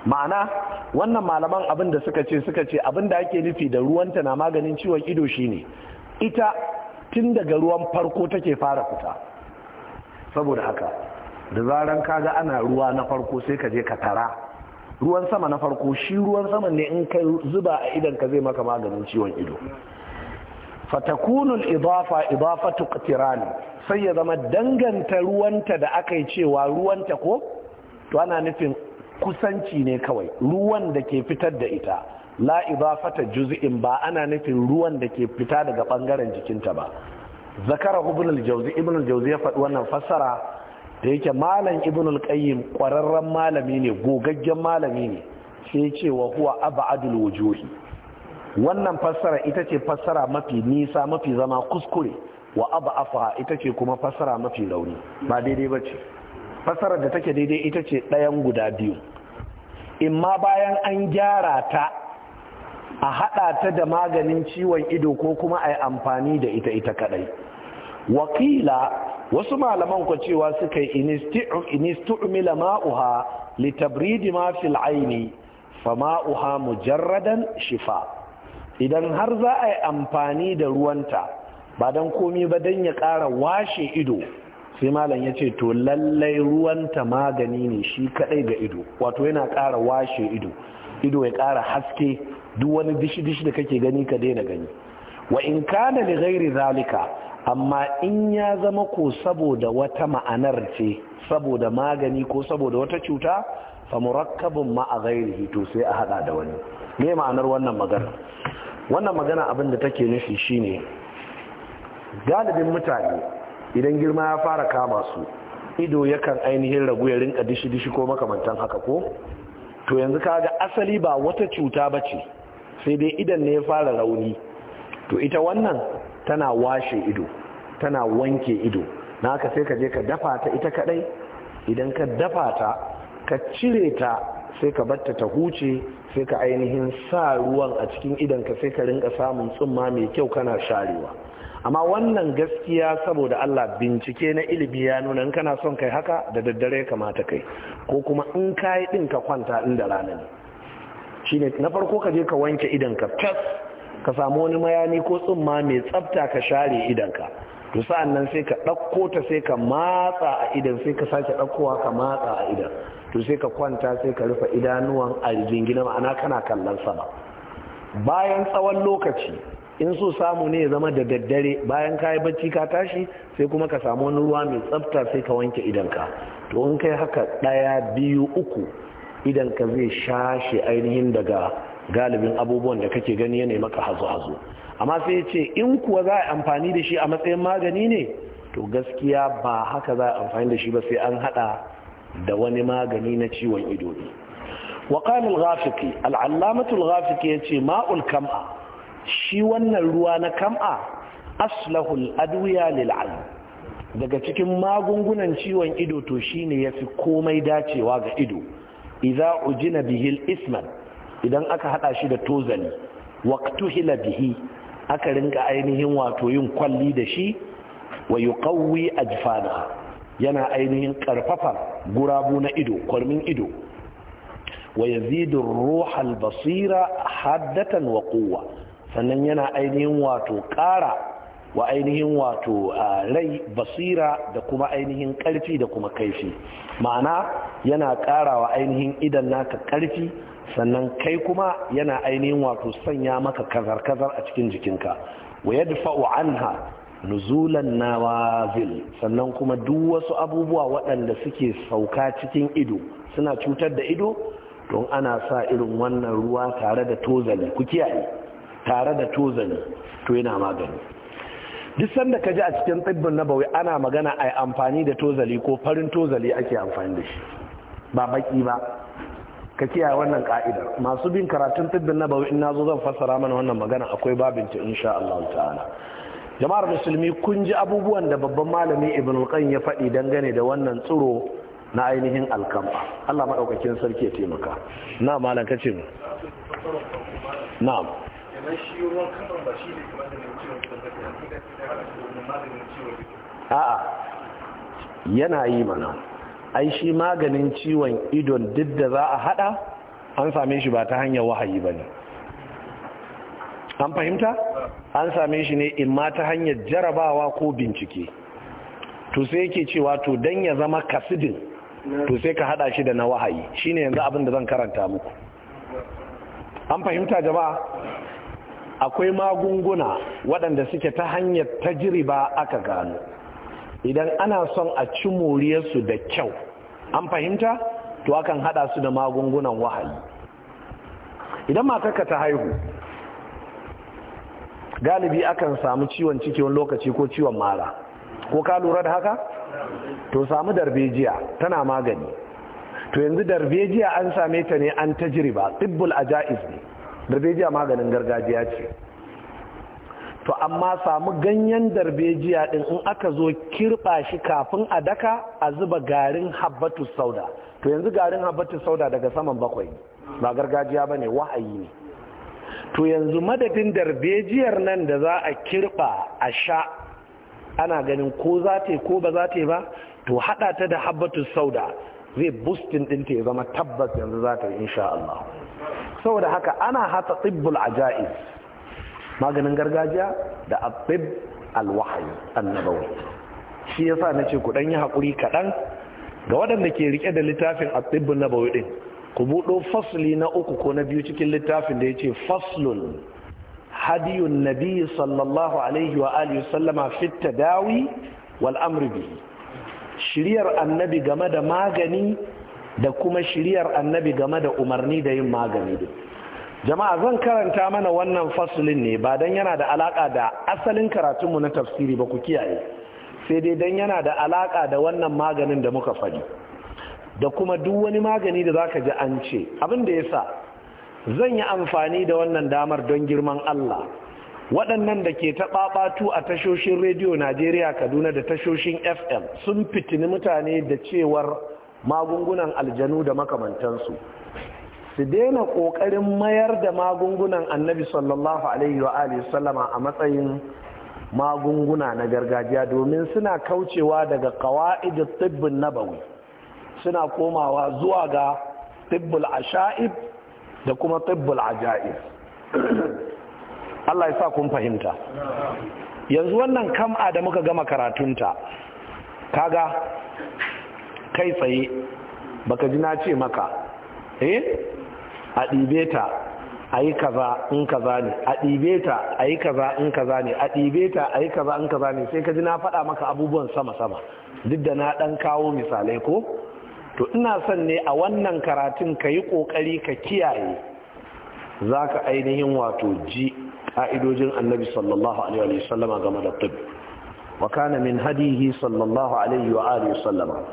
Speaker 1: ma'ana wannan malaman abin da suka ce suka ce abin da ake nufi da ruwanta na maganin ciwon ido shine ita tun daga ruwan farko take fara fita saboda haka da zaran kaga ana ruwa na farko sai ka je ka tara ruwan sama na farko shi ruwan sama ne in ka zuba a idan ka zai maka maganin ciwon ido fatakunul idafa idafatu qtirani sai ya zama danganta ruwanta da aka yi cewa ruwanta ko to ana nufin kusanci ne kawai ruwan da ke fitar da ita la Fata juz'in ba ana nufin ruwan da ke fita daga bangaren jikinta ba zakara ibn al ibn al ya faɗi wannan fassara da yake malam ibn al ƙwararren malami ne gogaggen malami ne sai ce wa huwa abadul wujuhi wannan fassara ita ce fassara mafi nisa mafi zama kuskure wa abafa ita ce kuma fassara mafi rauni ba daidai ba ce Fassara da take daidai ita ce ɗayan guda biyu imma bayan an gyara ta a haɗa ta da maganin ciwon ido ko kuma a yi amfani da ita ita kaɗai, wakila wasu malaman ku cewa suka yi inistu'mila ma'uha litabridi ma fil aini fa ma'uha mujarradan shifa idan har za a yi amfani da ruwanta ba don komi ba don ya ƙara washe ido sai malam ya ce to lallai ruwanta magani ne shi kadai ga ido wato yana ƙara washe ido ido ya ƙara haske duk wani dishi-dishi da kake gani ka daina gani wa in kana li gairi zalika amma in ya zama ko saboda wata ma'anar ce saboda magani ko saboda wata cuta fa murakkabun ma a gairihi to sai a hada da wani me ma'anar wannan magana wannan magana abin da take nufi shine galibin mutane idan girma ya fara kama su ido yakan ainihin ragu ya rinka dishi-dishi ko makamantan haka ko to yanzu kaga asali ba wata cuta ba ce sai dai idan ne ya fara rauni to ita wannan tana washe ido tana wanke ido na haka sai ka je ka dafa ta ita kadai idan ka dafa ta ka cire ta sai ka batta ta huce sai ka ainihin sa ruwan a cikin idan ka sai ka rinka samun tsumma mai kyau kana sharewa amma wannan gaskiya saboda Allah bincike na ilimi ya nuna in kana son kai haka da daddare kamata kai ko kuma in kayi din ka kwanta inda rana ne shine na farko ka je ka wanke idan ka tas ka samu wani mayani ko tsumma mai tsafta ka share idan ka to sa'an nan sai ka ɗauko ta sai ka matsa a idan sai ka sake ɗaukowa ka matsa a idan to sai ka kwanta sai ka rufe idanuwan a jingina ma'ana kana kallon sama bayan tsawon lokaci in so samu ne ya zama da daddare bayan ka yi bacci ka tashi sai kuma ka samu wani ruwa mai tsafta sai ka wanke idanka to in kai haka ɗaya biyu uku idan ka zai sha shi ainihin daga galibin abubuwan da kake gani yana maka hazo-hazo amma sai ya ce in kuwa za a amfani da shi a matsayin magani ne to gaskiya ba haka za a amfani da shi ba sai an hada da wani magani na ciwon ido ne وقال الغافقي العلامة الغافقي yace ma'ul kam'a. shi wannan ruwa na kam'a aslahul adwiya lil daga cikin magungunan ciwon ido to shine yafi komai dacewa ga ido idza ujina bihil isman idan aka hada shi da tozali waqtuhila bihi aka rinka ainihin wato yin kwalli da shi wa yuqawwi ajfana yana ainihin karfafa gurabu na ido kwarmin ido wa yazidu ruhal basira haddatan wa quwwa sannan yana ainihin wato ƙara wa ainihin wato rai basira da kuma ainihin ƙarfi da kuma kaifi ma'ana yana ƙara wa ainihin idan naka ƙarfi sannan kai kuma yana ainihin wato sanya maka kazar-kazar a cikin jikinka wa yadfa'u anha nuzulan nawa zil sannan kuma duk wasu abubuwa waɗanda suke sauka cikin ido suna cutar da ido don ana sa irin wannan ruwa tare da tozali ku kiyaye tare da tozani to yana magani duk sanda ka ji a cikin tsibbin nabawi ana magana a amfani da tozali ko farin tozali ake amfani da shi ba baki ba ka kiyaye wannan ka'idar masu bin karatun tsibbin nabawi in nazo zan fassara mana wannan magana akwai babinta insha Allah ta'ala jama'ar musulmi kun ji abubuwan da babban malami ibn al ya faɗi dangane da wannan tsiro na ainihin alkamba Allah maɗaukakin sarki ya taimaka na malam kace mu na'am a'a yana yi mana ai shi maganin ciwon idon duk da za a hada an same shi ba ta hanyar wahayi ba ne an fahimta an same shi ne in ma ta hanyar jarabawa ko bincike to sai yake cewa to dan ya zama kasidin to sai ka hada shi da na wahayi shine yanzu abin da zan karanta muku an fahimta jama'a akwai magunguna waɗanda suke ta hanyar tajriba aka gano idan ana son a ci moriyarsu da kyau an fahimta to akan hada su da magungunan wahayi idan matarka ta haihu galibi akan samu ciwon ciki wani lokaci ko ciwon mara ko ka lura da haka to samu darbejiya tana magani to yanzu darbejiya an same ta ne an tajriba tibbul ajaiz ne darbejiya maganin gargajiya ce to amma samu ganyen darbejiya din in aka zo kirɓa shi kafin a daka a zuba garin habbatu sauda to yanzu garin habbatu sauda daga saman bakwai ba gargajiya bane wahayi ne to yanzu madadin darbejiyar nan da za a kirba a sha ana ganin ko za ta ko ba za ta ba to haɗa ta da habbatu sauda zai boostin ɗinta ta ya zama tabbas yanzu za ta yi insha Allah saboda haka ana hata tibbul ajaiz, maganin gargajiya da abib alwahayi annabawi shi yasa nace ku dan yi hakuri kadan ga waɗanda ke rike da littafin abib annabawi din ku buɗo fasli na uku ko na biyu cikin littafin da yace faslun hadiyun nabi sallallahu alaihi wa alihi sallama fit tadawi wal amri bi shiriyar annabi game da magani da kuma shiriyar annabi game da umarni da yin magani din jama'a zan karanta mana wannan fasulin ne ba don yana da alaka da asalin karatunmu na tafsiri ba ku kiyaye sai dai don yana da alaka da wannan maganin da muka faɗi da kuma duk wani magani da za ka ji an ce abin da ya sa zan yi amfani da wannan damar don girman Allah waɗannan da ke taɓaɓatu a tashoshin rediyo Najeriya Kaduna da tashoshin FM sun fitini mutane da cewar magungunan aljanu da makamantansu su daina kokarin mayar da magungunan annabi sallallahu alaihi wa alihi sallama a matsayin magunguna na gargajiya domin suna kaucewa daga kawa'id tibbin nabawi suna komawa zuwa ga tibbul asha'ib da kuma tibbul aja'ib Allah ya sa kun fahimta yanzu wannan kam'a da muka gama karatunta kaga kai tsaye baka ji na ce maka eh a ɗibe ta a yi kaza in kaza ne a ɗibe ta a yi kaza in kaza ne a ɗibe ta a yi kaza in kaza ne sai ka ji na faɗa maka abubuwan sama-sama duk da na ɗan kawo misalai ko to ina son ne a wannan karatun ka yi ƙoƙari ka kiyaye za ka ainihin wato ji ƙa'idojin annabi sallallahu alaihi wasallama game da tib wa kana min hadihi sallallahu alaihi wa sallama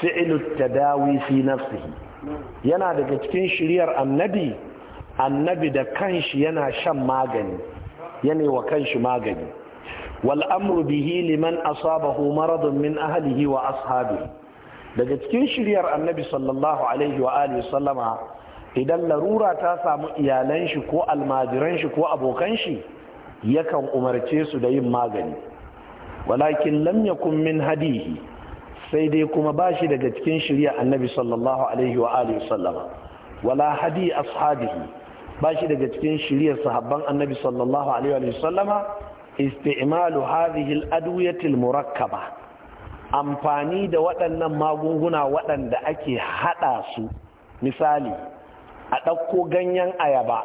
Speaker 1: fi'lu tadawi fi nafsihi yana daga cikin shiryar annabi annabi da kanshi yana shan magani yana wa kanshi magani wal amru bihi liman asabahu maradun min ahlihi wa ashabihi daga cikin shiryar annabi sallallahu alaihi wa alihi sallama idan larura ta samu iyalan shi ko almajiran shi ko abokan shi yakan umarce su da yin magani walakin lam yakun min hadihi sai dai kuma ba shi daga cikin shirya annabi sallallahu alaihi wa alihi sallama wala hadi ashabihi ba shi daga cikin shirya sahabban annabi sallallahu alaihi wa sallama isti'malu hadhihi al-adwiyati al-murakkaba amfani da waɗannan magunguna waɗanda ake hada su misali a ɗauko ganyen ayaba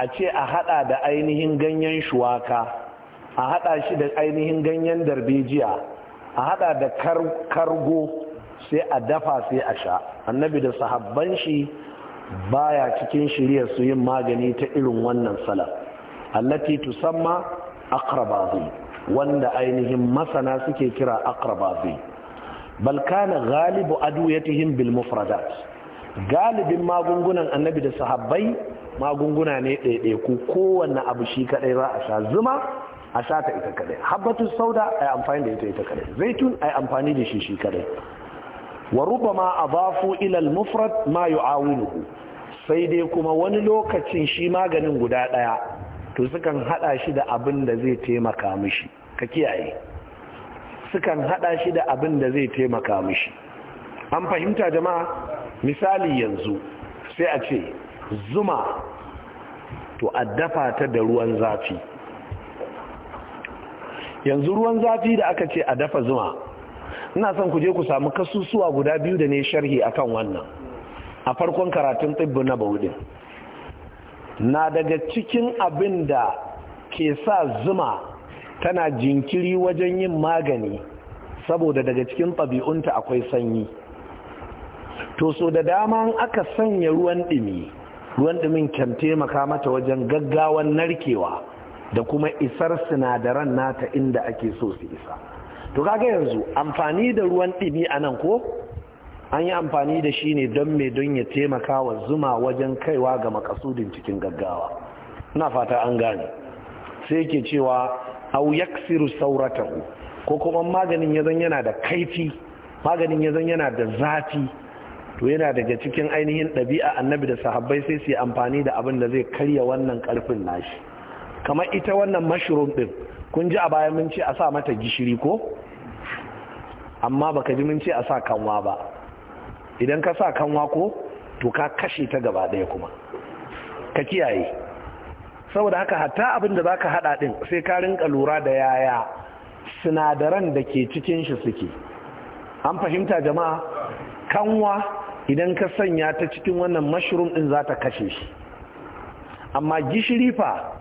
Speaker 1: a ce a hada da ainihin ganyen shuwaka a hada shi da ainihin ganyen darbejiya a hada da kargo sai a dafa sai a sha annabi da sahabban shi baya cikin shirya su yin magani ta irin wannan sala allati tusamma aqrabazi wanda ainihin masana suke kira aqrabazi bal kana ghalibu adwiyatihim bil mufradat galibin magungunan annabi da sahabbai magunguna ne ɗaiɗaiku kowanne abu shi kaɗai za a sha zuma a sha ita kadai habbatu sauda yi amfani da ita ita kadai zaitun yi amfani da shi shi kadai wa rubama adafu ila al-mufrad ma yu'awinuhu sai dai kuma wani lokacin shi maganin guda daya to sukan hada shi da abin da zai taimaka mishi ka kiyaye sukan hada shi da abin da zai taimaka mishi an fahimta jama'a misali yanzu sai a ce zuma to a dafa ta da ruwan zafi yanzu ruwan zafi da aka ce a dafa zuma ina son ku je ku samu kasusuwa guda biyu da ne sharhi akan wannan a farkon karatun tsibbi na baudin na daga cikin abin da ke sa zuma tana jinkiri wajen yin magani saboda daga cikin ɓabi'unta akwai sanyi to so da dama aka sanya ruwan ɗumi ruwan ɗumin kyan taimaka mata wajen gaggawan narkewa da kuma isar sinadaran nata inda ake so su isa to kaga yanzu amfani da ruwan ɗimi anan ko an yi amfani da shi ne don mai don ya taimaka wa zuma wajen kaiwa ga makasudin cikin gaggawa na fata an gane sai ke cewa au yaksiru sauratahu ko kuma maganin ya zan yana da kaifi maganin ya zan yana da zafi to yana daga cikin ainihin ɗabi'a annabi da sahabbai sai su yi amfani da abin da zai karya wannan ƙarfin nashi kamar ita wannan mushroom din kun ji a baya mun ce a sa mata gishiri ko amma baka ji mun ce a sa kanwa ba idan ka sa kanwa ko to ka kashe ta gaba ɗaya kuma ka kiyaye saboda haka hatta abin da za ka haɗa ɗin sai ka rinka lura da yaya sinadaran da ke cikin shi suke an fahimta jama'a kanwa idan ka sanya ta cikin wannan mushroom din za ta kashe shi amma gishiri fa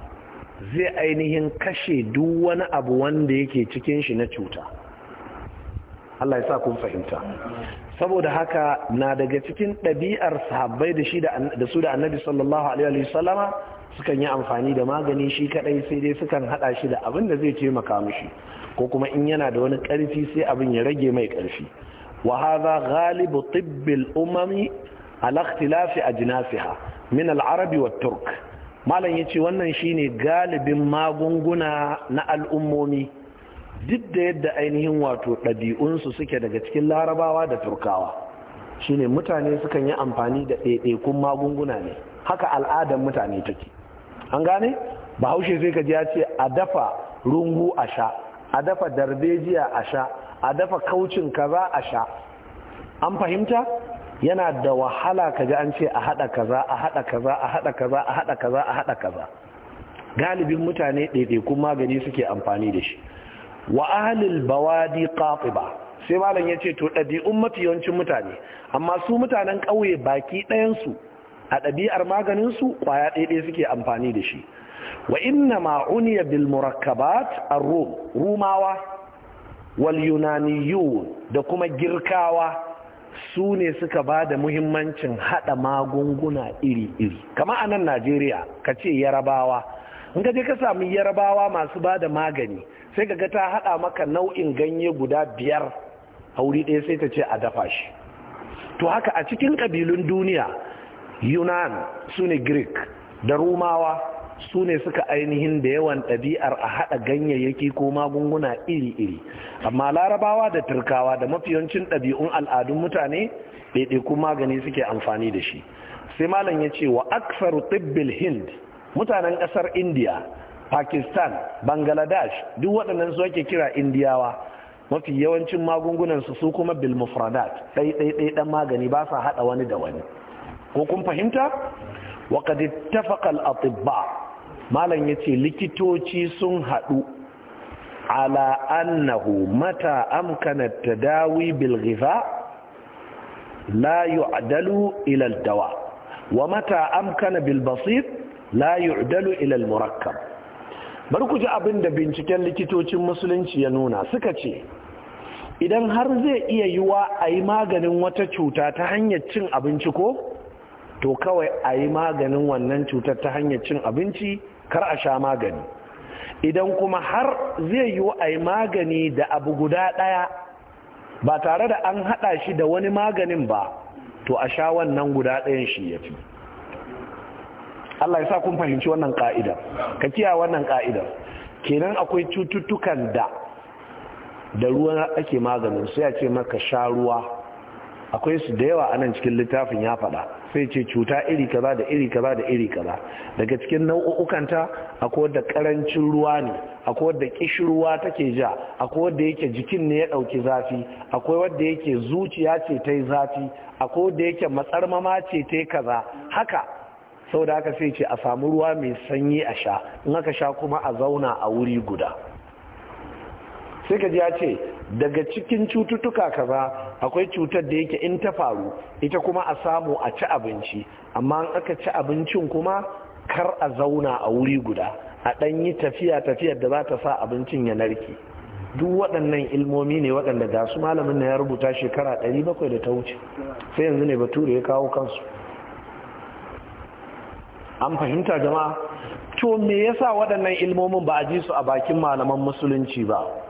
Speaker 1: zai ainihin kashe duk wani abu wanda yake cikin shi na cuta Allah ya sa kun fahimta saboda haka na daga cikin ɗabi'ar sahabbai da shi da su da annabi sallallahu alaihi wasallama sukan yi amfani da magani shi kadai sai dai sukan haɗa shi da abin da zai taimaka makamushi ko kuma in yana da wani ƙarfi sai abin ya rage mai karfi wa hadha ghalibu tibbil umami ala ikhtilafi ajnasiha min al-arabi wat turk malam ya ce wannan shine galibin magunguna na al'ummomi duk da yadda ainihin wato ɗabi'unsu suke daga cikin larabawa da turkawa shine mutane sukan yi amfani da ɗaiɗaikun magunguna ne haka al'adar mutane take an gane bahaushe sai ka ji ya ce a dafa rungu a sha a dafa darbejiya a sha a dafa kaucin kaza a sha an fahimta yana da wahala kaga an ce a hada kaza a hada kaza a hada kaza a hada kaza a hada kaza galibin mutane daidaikun magani suke amfani da shi wa ahlul bawadi qatiba sai malam ya ce to ɗabi'un mafi yawancin mutane amma su mutanen ƙauye baki ɗayansu a ɗabi'ar maganin su kwaya ɗaiɗai suke amfani da shi wa inna ma uniya bil murakkabat ar-rum rumawa wal yunaniyun da kuma girkawa su ne suka ba da muhimmancin haɗa magunguna iri-iri kama a nan najeriya ka ce yarabawa in ka je ka samu yarabawa masu ba da magani sai ka ga ta haɗa maka nau'in ganye guda biyar a wuri ɗaya sai ta ce a dafa shi to haka a cikin ƙabilun duniya yunan su ne greek da rumawa su ne suka ainihin da yawan ɗabi'ar a haɗa ganyayyaki ko magunguna iri-iri amma larabawa da turkawa da mafiyancin ɗabi'un al'adun mutane ɗaiɗaikun magani suke amfani da shi sai malam ya ce wa aksaru tibbil hind mutanen ƙasar India, pakistan bangladesh duk waɗannan su ake kira indiyawa mafi yawancin magungunansu su kuma bil mufradat ɗaiɗaiɗai ɗan magani ba sa haɗa wani da wani ko kun fahimta وقد اتفق الأطباء malam ya ce likitoci sun haɗu ala annahu mata amkana tadawi bil ghiza la yu'dalu ila dawa wa mata amkana bil basit la yu'dalu ila al murakkab bari ku ji abin da binciken likitocin musulunci ya nuna suka ce idan har zai iya yiwa a yi maganin wata cuta ta hanyar cin abinci ko to kawai a yi maganin wannan cutar ta hanyar cin abinci kar a sha magani idan kuma har zai yi wa magani da abu guda ɗaya ba tare da an haɗa shi da wani maganin ba to a sha wannan guda ɗayan shi ya fi Allah ya sa kun fahimci wannan ka'idar ka kiya wannan ka'idar kenan akwai cututtukan da da ruwa ake maganin sai a ce maka sha ruwa akwai su da yawa anan cikin littafin ya faɗa sai ce cuta iri kaza da iri kaza da iri kaza daga cikin nau'ukanta akwai wadda karancin ruwa ne akwai wadda kishirwa take ja akwai wadda yake jikin ne ya dauki zafi akwai wadda yake zuciya ce ta zafi akwai wadda yake matsarmama ce ta kaza haka sau da haka sai ce a samu ruwa mai sanyi a sha in aka sha kuma a zauna a wuri guda sai ka ya ce daga cikin cututtuka kaza akwai cutar da yake in ta faru ita kuma a samu a ci abinci amma in aka ci abincin kuma kar a zauna a wuri guda a ɗan yi tafiya tafiyar da za ta sa abincin ya narke duk waɗannan ilmomi ne waɗanda ga su malamin na ya rubuta shekara 700 da ta wuce sai yanzu ne bature ya kawo kansu an fahimta jama'a to me yasa waɗannan ilmomin ba a ji su a bakin malaman musulunci ba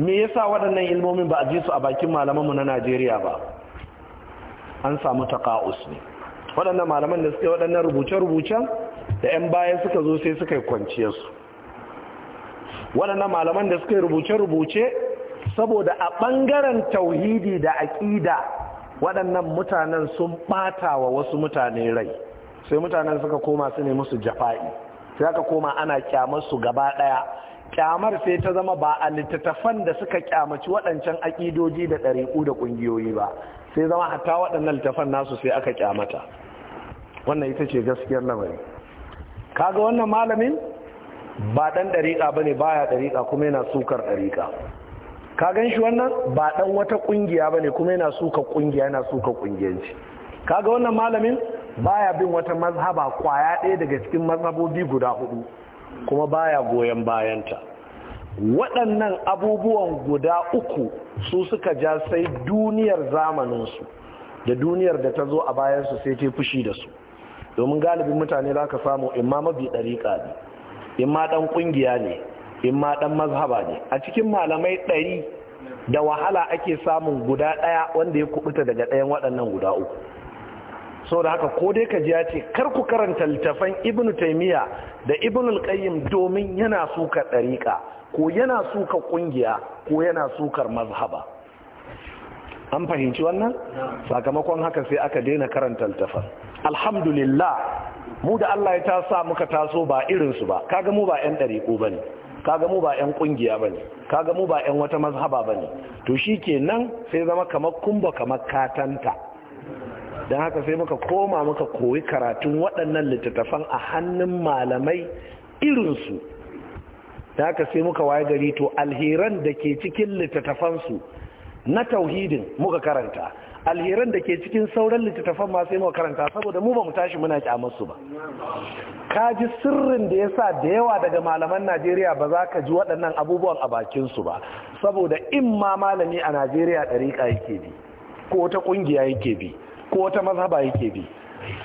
Speaker 1: me yasa waɗannan ilmomin ba a ji su a bakin malamanmu na Najeriya ba an samu taqa'us ne waɗannan malaman da suke waɗannan rubuce-rubucen da 'yan baya suka zo sai suka yi kwanciyar su waɗannan malaman da suka rubuce-rubuce saboda a ɓangaren tauhidi da aƙida waɗannan mutanen sun ɓata wa wasu mutane rai sai mutanen suka koma su ne musu jafa'i sai aka koma ana kyamar su gaba ɗaya kyamar sai ta zama ba a littattafan da suka kyamaci waɗancan aƙidoji da ɗariƙu da ƙungiyoyi ba sai zama hatta waɗannan littattafan nasu sai aka kyamata wannan ita ce gaskiyar lamari kaga wannan malamin ba ɗan ɗariƙa ba ne baya ɗariƙa kuma yana sukar ɗariƙa ka gan shi wannan ba ɗan wata ƙungiya ba ne kuma yana suka ƙungiya yana suka ƙungiyanci kaga wannan malamin baya bin wata mazhaba kwaya ɗaya daga cikin mazhabobi guda hudu kuma baya goyon bayanta waɗannan abubuwan guda uku su suka ja sai duniyar zamaninsu da duniyar da ta zo a bayansu sai ta fushi da su domin galibin mutane za ka samu imma mabi ɗariƙa ne imma ɗan ƙungiya ne imma ɗan mazhaba ne a cikin malamai ɗari da wahala ake samun guda ɗaya wanda ya kubuta daga ɗayan waɗannan guda uku sau da haka ko dai ka ji ya ce kar ku karanta littafan ibnu taimiyya da ibnu alƙayyim domin yana suka ɗariƙa ko yana suka ƙungiya ko yana sukar mazhaba an fahimci wannan sakamakon haka sai aka daina karanta littafan alhamdulillah mu da Allah ya sa muka taso ba irinsu ba kaga mu ba 'yan ɗariƙo ba ne kaga mu ba 'yan ƙungiya ba ne kaga mu ba 'yan wata mazhaba ba ne to shi kenan sai zama kamar kumba kamar katanta don haka sai muka koma muka koyi karatun waɗannan littattafan a hannun malamai irinsu da haka sai muka waye gari to alheran da ke cikin littattafansu na tauhidin muka karanta alheran da ke cikin sauran littattafan masu sai muka karanta saboda mu ba mu tashi muna ki amarsu ba ka ji sirrin da yasa da yawa daga malaman Najeriya ba za ka ji waɗannan abubuwan a bakinsu ba saboda in ma malami a Najeriya ɗariƙa yake bi ko wata ƙungiya yake bi ko wata mazhaba yake bi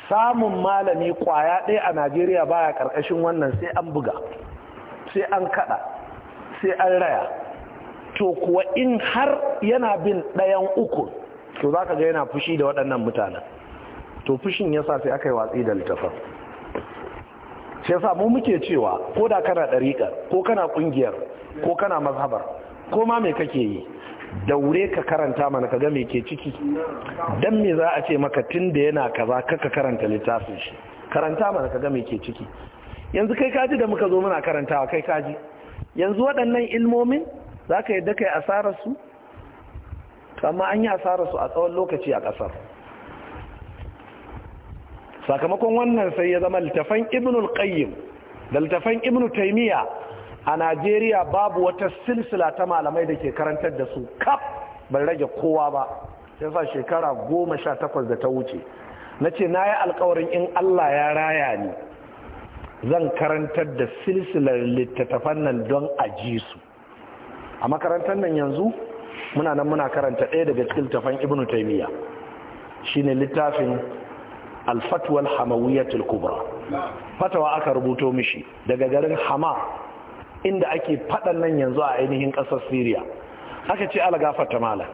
Speaker 1: samun malami kwaya ɗaya a najeriya baya ƙarƙashin wannan sai an buga sai an kaɗa sai an raya to kuwa in har yana bin ɗayan uku to za ka ga yana fushi da waɗannan mutanen to fushin ya sa sai aka yi watsi da littafin sai samu mu muke cewa ko da kana ɗariƙar ko kana ƙungiyar ko kana mazhabar ko ma me kake yi daure ka karanta mana ka game ke ciki dan me za a ce maka tun da yana kaza kaka karanta littafin shi karanta mana ka game ke ciki yanzu kai kaji da muka zo muna karantawa kai kaji yanzu waɗannan ilmomin za ka yadda kai asarar su amma an yi asarar a tsawon lokaci a ƙasar sakamakon wannan sai ya zama littafan ibnul qayyim da littafan ibnu taymiya a najeriya babu wata silsila ta malamai da ke karantar da su kaf bai rage kowa ba sai sa shekara goma sha takwas da ta wuce na ce na yi alkawarin in allah ya raya ni zan karantar da silsilar littattafan nan don a ji su a makarantar nan yanzu muna nan muna karanta ɗaya daga cikin littattafan ibnu taimiyya shine littafin alfatwal Hamawiyyatul kubra fatawa aka rubuto mishi daga garin hama inda ake faɗan nan yanzu a ainihin ƙasar Siriya aka ce algafata mala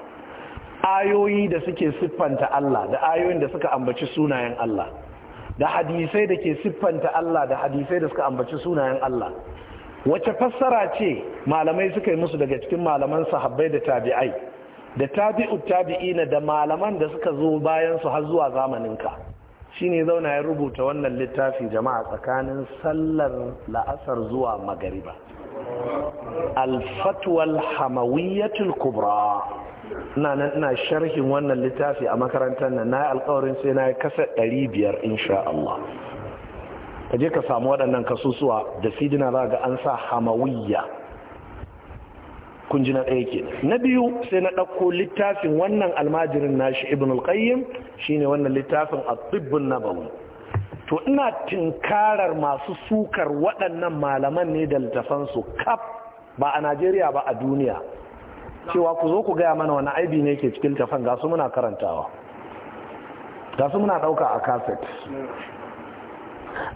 Speaker 1: ayoyi da suke siffanta Allah da ayoyin da suka ambaci sunayen Allah da hadisai da ke siffanta Allah da hadisai da suka ambaci sunayen Allah wace fassara ce malamai suka yi musu daga cikin malaman sahabbai da tabi'ai da tabi'u tabi'ina da malaman da suka zo bayan su har zuwa zamaninka shine zauna ya rubuta wannan littafin jama'a tsakanin sallar la'asar zuwa magariba alfatwal hamawiyatul kubra ina sharhin wannan littafi a makarantar nan na alkawarin sai na kasa 500 insha Allah ka je ka samu waɗannan kasusuwa da sidina za ga an sa hamawiyya kun ji na ɗaya ke na biyu sai na ɗauko littafin wannan almajirin nashi ibn al-qayyim shine wannan littafin at-tibbun nabawi to ina tinkarar masu sukar waɗannan malaman ne da littafansu kaf ba a najeriya ba a duniya cewa ku zo ku gaya mana wani aibi ne ke cikin littafan gasu muna karantawa gasu muna ɗauka a kaset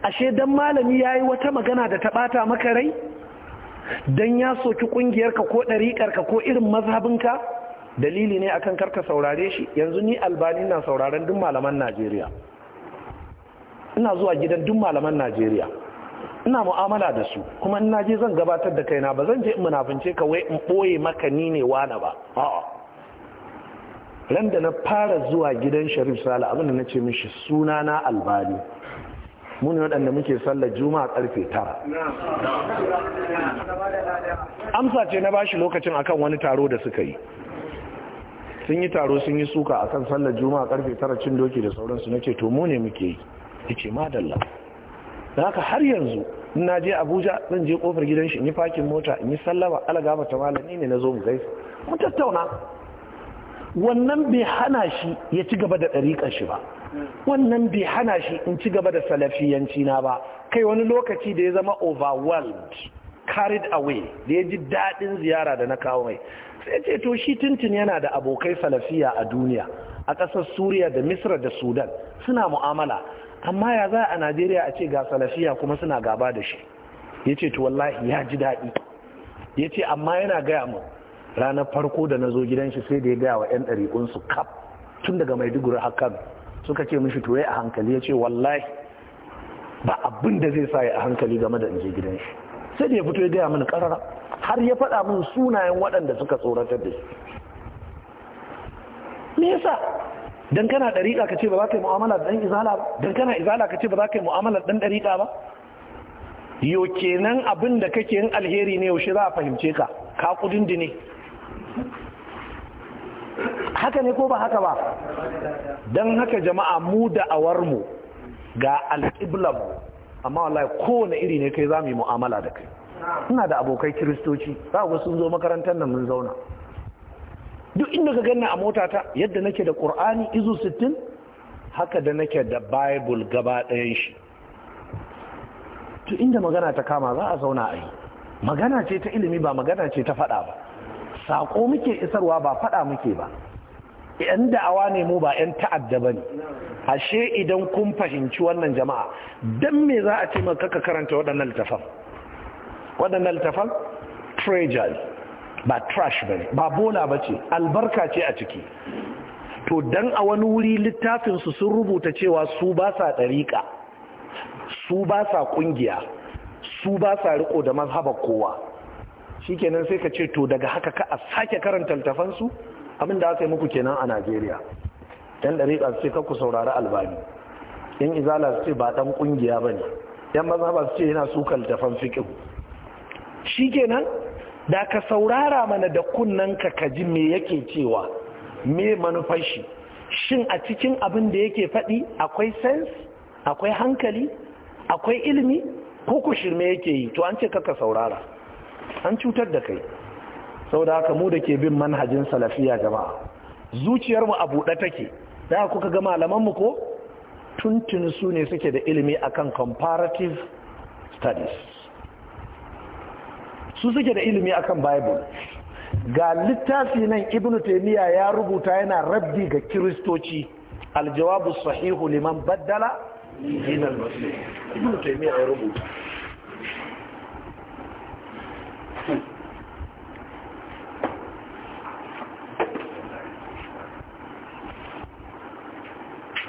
Speaker 1: ashe don malami ya yi wata magana da ta ɓata maka rai don ya soki ƙungiyarka ko ɗariƙarka ko irin mazhabinka dalili ne akan karka saurare shi yanzu ni albani na sauraren duk malaman najeriya ina zuwa gidan duk malaman najeriya ina mu'amala da su kuma ina je zan gabatar da kaina ba zan je in munafince ka wai in ɓoye maka ni ne wani ba a'a ran da na fara zuwa gidan sharif sala abin da na mishi suna na albani muni waɗanda muke sallar juma'a karfe tara amsa ce na bashi lokacin akan wani taro da suka yi sun yi taro sun yi suka akan sallar juma'a karfe tara cin doki da sauransu na ce to mu ne muke yi ce madalla da haka har yanzu in na je abuja zan je kofar gidan shi in yi fakin mota in yi sallama alagama ta malami ne na zo mu gaisa mu tattauna wannan bai hana shi ya ci gaba da ɗariƙar shi ba wannan bai hana shi in ci gaba da salafiyanci na ba kai wani lokaci da ya zama overwhelmed carried away da ya ji daɗin ziyara da na kawo mai sai ce to shi tintin yana da abokai salafiya a duniya a ƙasar suriya da misra da sudan suna mu'amala amma ya za a najeriya a ce ga salafiya kuma suna gaba da shi ya ce wallahi ya ji daɗi ya ce amma yana gaya mu ranar farko da na zo gidan shi sai da ya gaya wa 'yan ɗari'unsu kaf tun daga mai maiduguri hakan suka ce mishi tuwai a hankali ya ce wallahi ba abin da zai sa ya a hankali game da inje gidan shi sai da ya fito ya gaya mini karara har ya faɗa min sunayen waɗanda suka tsoratar da shi me yasa dan kana dariƙa ka ba za ka yi mu'amala da dan izala ba dan kana izala kace ba za ka yi mu'amala dan dariƙa ba yo kenan abin da kake yin alheri ne yaushe za a fahimce ka ka kudin dine haka ne ko ba haka ba dan haka jama'a mu da awar mu ga alƙiblar mu amma wallahi kowane iri ne kai za mu yi mu'amala da kai ina da abokai kiristoci za ku sun zo makarantar nan mun zauna duk inda ka ganna a mota ta yadda nake da ƙur'ani izu 60 haka da nake da bible gaba ɗayan shi to inda magana ta kama za a zauna a yi magana ce ta ilimi ba magana ce ta faɗa ba sako muke isarwa ba faɗa muke ba yan da'awa ne mu ba yan ta'adda ba ne ashe idan kun fahimci wannan jama'a Dan me za a ce maka ka karanta waɗannan littafan waɗannan littafan treasure ba trash ba ne ba bola ba ce albarka ce a ciki to dan a wani wuri littafinsu sun rubuta cewa su ba sa ɗariƙa su ba sa ƙungiya su ba sa riko da mazhaba kowa shikenan sai ka ce to daga haka ka a sake karanta littafansu abin da aka yi muku kenan a najeriya yan ɗariƙa su ce ku saurari albani yan izala su ce ba ɗan ƙungiya ba ne yan mazhaba su ce yana sukan littafan shi kenan da ka saurara mana da kunnanka ka ji me yake cewa me manufashi shin a cikin abin da yake faɗi akwai sense akwai hankali akwai ilimi ko ku shirme yake yi to an ce ka saurara an cutar da kai Sau da haka mu da ke bin manhajin salafiya jama'a zuciyarmu a buɗe take da kuka ga malamanmu ko tuntun su ne suke da ilimi akan comparative studies su suke da ilimi akan bible ga littafi nan ibnu taymiya ya rubuta yana rabbi ga kiristoci aljawabu sahihu liman baddala dinal muslim ibnu taymiya ya rubuta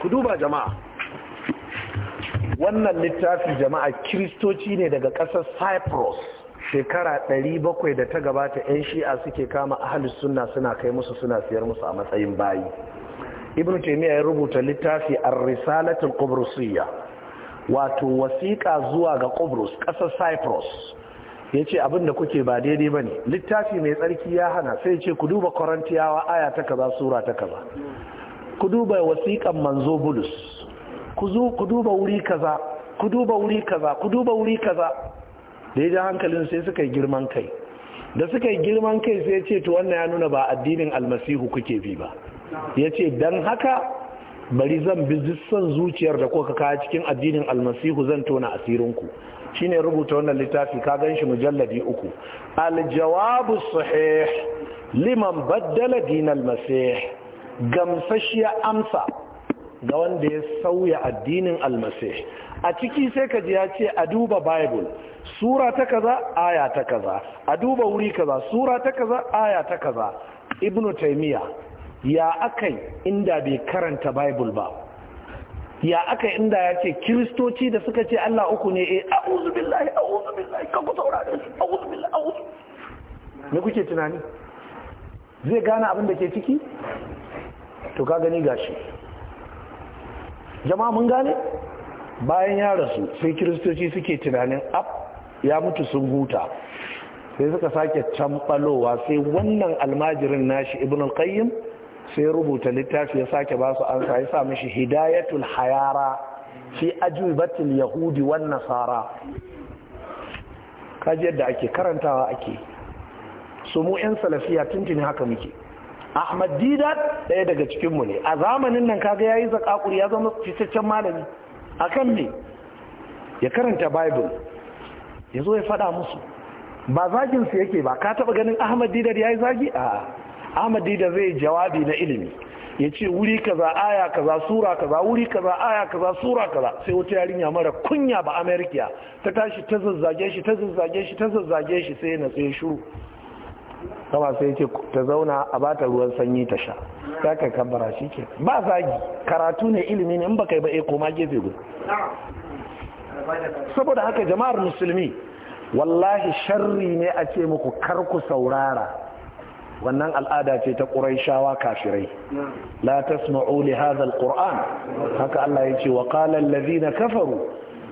Speaker 1: ku duba jama'a wannan littafi jama'a kiristoci ne daga ƙasar cyprus shekara ɗari bakwai da ta gabata 'yan shi'a suke kama ahalus suna suna kai musu suna siyar musu a matsayin bayi ibn taymiya ya rubuta littafi a risalatul qubrusiyya wato wasiƙa zuwa ga Qobrus ƙasar Cyprus yace abinda kuke ba daidai bane littafi mai tsarki ya hana sai yace ku duba Korintiyawa aya ta kaza sura ta kaza ku duba wasiƙan manzo Bulus ku zo ku duba wuri kaza ku duba wuri kaza ku duba wuri kaza da ya ji hankalin sai suka yi girman kai da suka yi girman kai sai ce to wannan ya nuna ba addinin almasihu kuke bi ba ya ce don haka bari zan bi son zuciyar da kuka kaya cikin addinin almasihu zan tona asirinku ne rubuta wannan littafi ka gan shi mujalladi uku aljawabu sahih liman baddala dinal masih gamsashiya amsa na wanda ya sauya addinin almasih a ciki sai ka ji ya ce a duba bible sura ta kaza aya ta kaza a duba wuri kaza sura ta kaza aya ta kaza ibnu taymiya ya akai inda bai karanta bible ba ya aka inda ya ce kiristoci da suka ce Allah uku ne eh a'udhu billahi a'udhu billahi kanku ku saurare su a'udhu billahi a'udhu me kuke tunani zai gane abin da ke ciki to ka gani gashi jama'a mun gane bayan ya rasu sai kiristoci suke tunanin ab ya mutu sun huta sai suka sake canbalowa sai wannan almajirin nashi ibn al-qayyim sai rubuta littafi ya sake ba su ansa ya sa mishi hidayatul hayara fi ajubatil yahudi wan nasara kaji yadda ake karantawa ake su mu yan salafiya tuntuni haka muke ahmad didat ɗaya daga cikinmu ne a zamanin nan kaga ya yi zakakuri ya zama fitaccen malami a kan ne ya karanta bible ya zo ya faɗa musu ba zaginsu yake ba ka taɓa ganin ahmad didat ya yi zagi a ahmad didat zai jawabi na ilimi ya ce wuri kaza aya kaza sura kaza wuri kaza aya kaza sura kaza sai wata yarinya mara kunya ba amerikiya ta tashi ta zazzage shi ta zazzage shi ta zazzage shi sai na tsaye shuru sama sai ce ta zauna a bata ruwan sanyi ta sha ya kai kabbara shi ke ba zagi karatu ne ilimi ne in ba kai ba eko eh, ma gefe gudu saboda haka jama'ar musulmi wallahi sharri ne a ce muku kar ku saurara wannan al'ada ce ta ƙuraishawa kafirai la tasma'u li hadha haka Allah yace wa qala na kafaru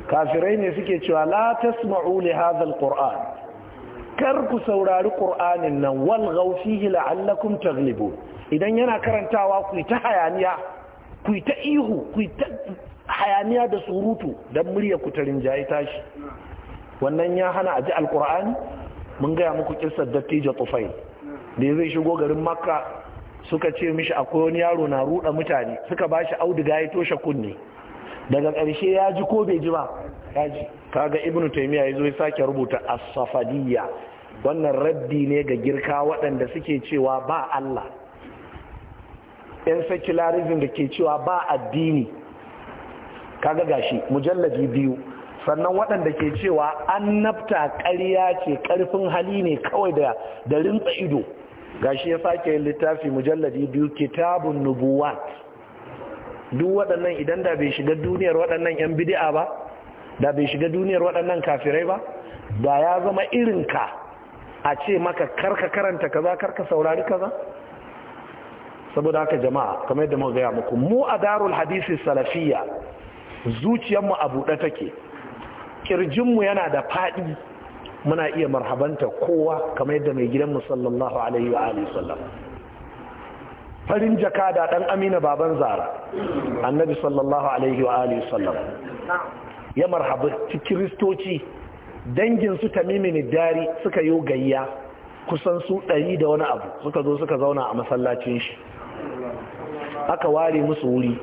Speaker 1: kafirai ne suke cewa la tasma'u li hadha kar ku saurari ƙur'anin nan wal gaufihi la'allakum taglibu idan yana karantawa ku ta hayaniya ku ta ihu ku ta hayaniya da surutu don murya ku ta rinjaye tashi wannan ya hana a ji alƙur'ani mun gaya muku kisar dattijo tufai da zai shigo garin makka suka ce mishi akwai wani yaro na ruɗa mutane suka ba shi auduga ya toshe kunne daga ƙarshe ya ji ko bai ji ba kaji kaga ibnu taymiya yazo ya sake rubuta as-safadiyya wannan raddi ne ga girka waɗanda suke cewa ba Allah yan secularism da ke cewa ba addini kaga gashi mujalladi biyu sannan waɗanda ke cewa annabta ƙarya ce ƙarfin hali ne kawai da da rinsa ido gashi ya sake yin littafi mujalladi biyu kitabun nubuwat duk waɗannan idan da bai shiga duniyar waɗannan yan bidi'a ba da bai shiga duniyar waɗannan kafirai ba da ya zama irin ka a ce maka karka karanta kaza karka saurari kaza saboda haka jama'a kamar yadda muka gaya muku mu a darul hadisi salafiyya zuciyarmu a buɗe take kirjinmu yana da faɗi muna iya marhabanta kowa kamar yadda mai gidanmu sallallahu alaihi wa alihi sallam farin jaka da ɗan amina baban zara annabi sallallahu alaihi wa alihi sallam ya marhabaci kiristoci dangin su ta tamimin dari suka yi gayya kusan su ɗari da wani abu suka zo suka zauna a masallacin shi aka ware musu wuri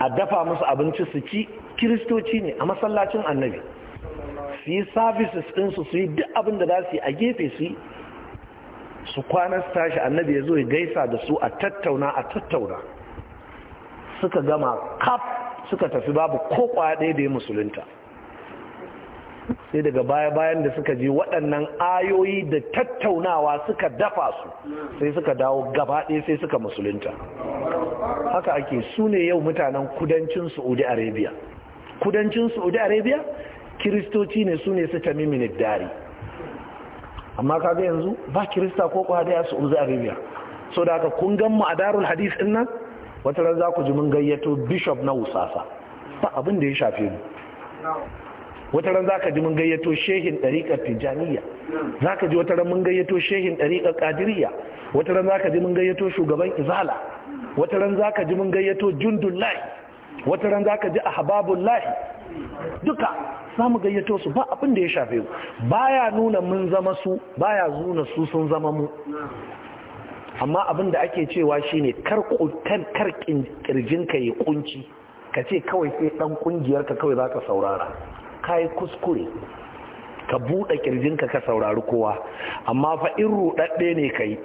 Speaker 1: a dafa musu abinci su ci kiristoci ne a masallacin annabi su yi services ɗinsu su yi duk abin da za su yi a gefe su yi su kwanar tashi annabi ya zo ya gaisa da su a tattauna a tattauna suka gama kaf suka tafi babu ko kwaɗe da ya musulunta sai daga baya-bayan da suka je waɗannan ayoyi da tattaunawa suka dafa su sai suka dawo gaba ɗaya sai suka musulunta haka ake su ne yau mutanen kudancin saudi arabia kudancin saudi arabia kiristoci ne su ne su tamimi dari amma kaga yanzu ba kirista ko kwaɗe a saudi arabia so da haka kun mu a darul hadis din nan wata ran za ku ji mun gayyato bishop na usasa ba abin da ya shafe mu wata ran za ka ji mun gayyato shehin ɗariƙar tijaniya za ka ji wata ran mun gayyato shehin ɗariƙar ƙadiriya wata ran za ka ji mun gayyato shugaban izala wata ran za ka ji mun gayyato jundullahi wata ran za ka ji Lahi duka za mu gayyato su ba abin da ya shafe mu baya nuna mun zama su baya nuna su sun zama mu amma abin da ake cewa shine kar kar kirjinka ya kunci ka ce kawai sai dan kungiyarka kawai za ka saurara ka yi kuskure ka buɗe kirjinka ka saurari kowa amma fa in ruɗaɗɗe ne ka yi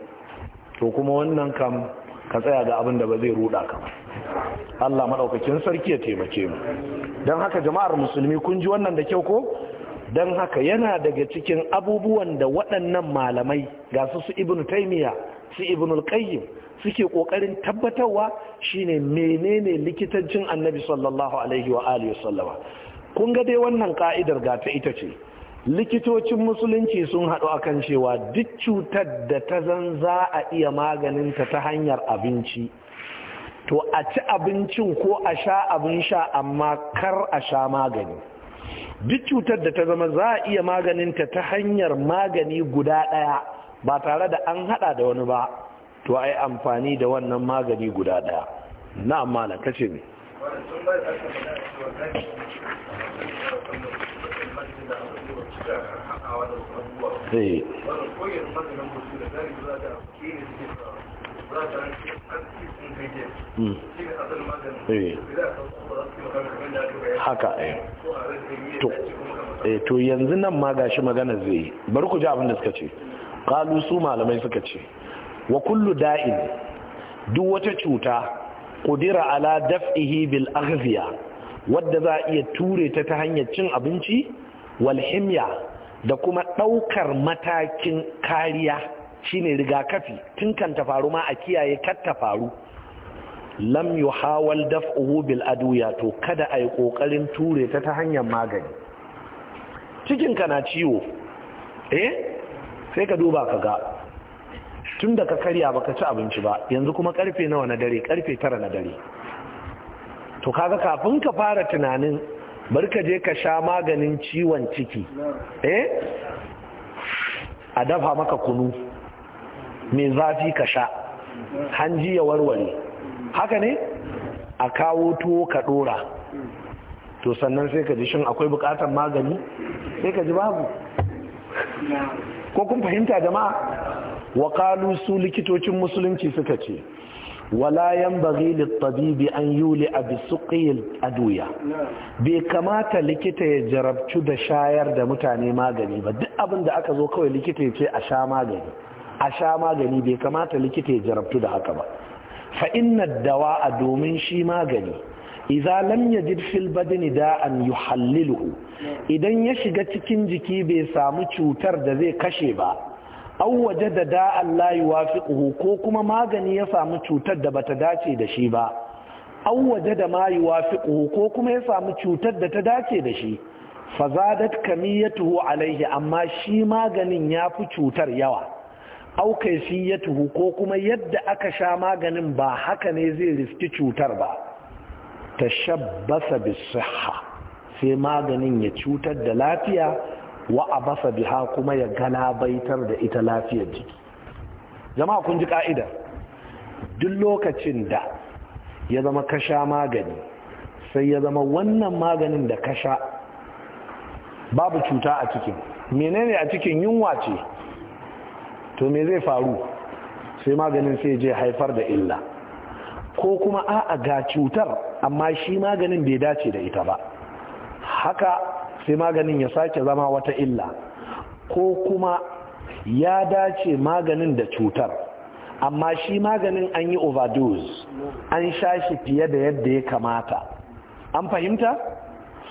Speaker 1: to kuma wannan kam ka tsaya ga abin da ba zai ruɗa ka Allah maɗaukakin sarki ya taimake mu don haka jama'ar musulmi kun ji wannan da kyau ko don haka yana daga cikin abubuwan da waɗannan malamai ga su su ibnu taimiya su ibn qayyim suke kokarin tabbatarwa shine menene likitancin annabi sallallahu alaihi wa alihi sallama kun ga dai wannan ka'idar ga ta ita ce likitocin musulunci sun haɗu akan cewa duk cutar da ta zan za a iya maganinta ta hanyar abinci to a ci abincin ko a sha abin sha amma kar a sha magani duk cutar da ta zama za a iya maganinta ta hanyar magani guda ɗaya ba tare da an hada da wani ba to ai amfani da wannan magani guda daya na amma na kace me
Speaker 2: eh. Hmm. Eh. haka eh.
Speaker 1: to yanzu nan ma gashi magana zai yi bari ku ji abin da suka ce kalu su malamai suka ce wa kullu da'in duk wata cuta kudira ala daf'ihi bil aghziya wadda za iya ture ta ta hanyar cin abinci wal himya da kuma daukar matakin kariya shine rigakafi tun kan ta faru ma a kiyaye kar ta faru lam yuhawal daf'uhu bil aduya to kada ai kokarin ture ta ta hanyar magani cikin ka na ciwo eh sai ka duba ka ga tun da ka karya baka ci abinci ba yanzu kuma karfe nawa na dare karfe tara na dare to kaga kafin ka fara tunanin bar ka je ka sha maganin ciwon ciki eh a dafa maka kunu mai zafi ka sha hanji ya warware haka ne a kawo tuwo ka dora to sannan sai ka ji shin akwai bukatar magani sai ka ji babu ko kun fahimta jama'a wa su likitocin musulunci suka ce wala yanbaghi lit an yuli bi suqil aduya bai kamata likita ya jarabtu da shayar da mutane magani ba duk abin da aka zo kawai likita ya ce a sha magani a sha magani bai kamata likita ya jarabtu da haka ba fa inna dawa'a domin shi magani iza lam yajid fil badani da'an yuhalliluhu idan ya shiga cikin jiki bai samu cutar da zai kashe ba aw wajada da'an la yuwafiquhu ko kuma magani ya samu cutar da bata dace da shi ba aw wajada ma yuwafiquhu ko kuma ya samu cutar da ta dace da shi fazadat kamiyatuhu alaihi amma shi maganin ya fi cutar yawa ya kaifiyatuhu ko kuma yadda aka sha maganin ba haka ne zai riski cutar ba tashabbasa bisihha sai maganin ya cutar da lafiya wa abasa biha kuma ya baitar da ita lafiyar jiki jama'a kun ji ka'ida duk lokacin da ya zama kasha magani sai ya zama wannan maganin da kasha babu cuta a cikin menene a cikin yunwa ce to me zai faru sai maganin sai je haifar da illa ko kuma a'a ga cutar amma shi maganin bai dace da ita ba haka sai maganin ya sake zama wata illa ko kuma ya dace maganin da cutar amma shi maganin an yi overdose an sha shi fiye da yadda ya kamata an fahimta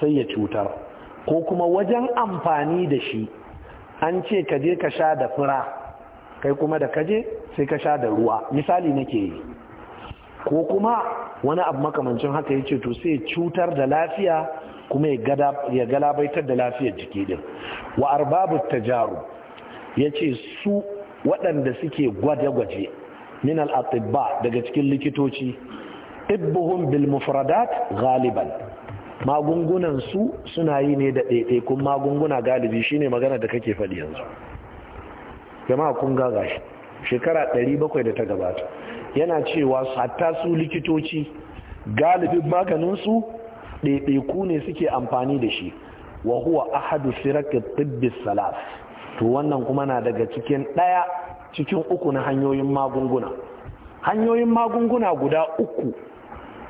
Speaker 1: sai ya cutar ko kuma wajen amfani da shi an ce kaje ka sha da fura kai kuma da kaje sai ka sha da ruwa misali nake yi ko kuma wani abu makamancin haka ya ce to sai cutar da lafiya kuma ya galabaitar da lafiyar jiki din wa arbabu tajaru ya ce su waɗanda suke gwaje-gwaje min al'atibba daga cikin likitoci ibbuhum bil mufradat galiban magungunan su suna yi ne da ɗaiɗaikun magunguna galibi shine magana da kake faɗi yanzu jama'a kun gaga shi shekara 700 da ta gabata yana cewa hatta su likitoci galibin maganinsu ɗaiɗaiku ne suke amfani da shi wa huwa ahadu sirakin tibbis salaf to wannan kuma na daga cikin ɗaya cikin uku na hanyoyin magunguna hanyoyin magunguna guda uku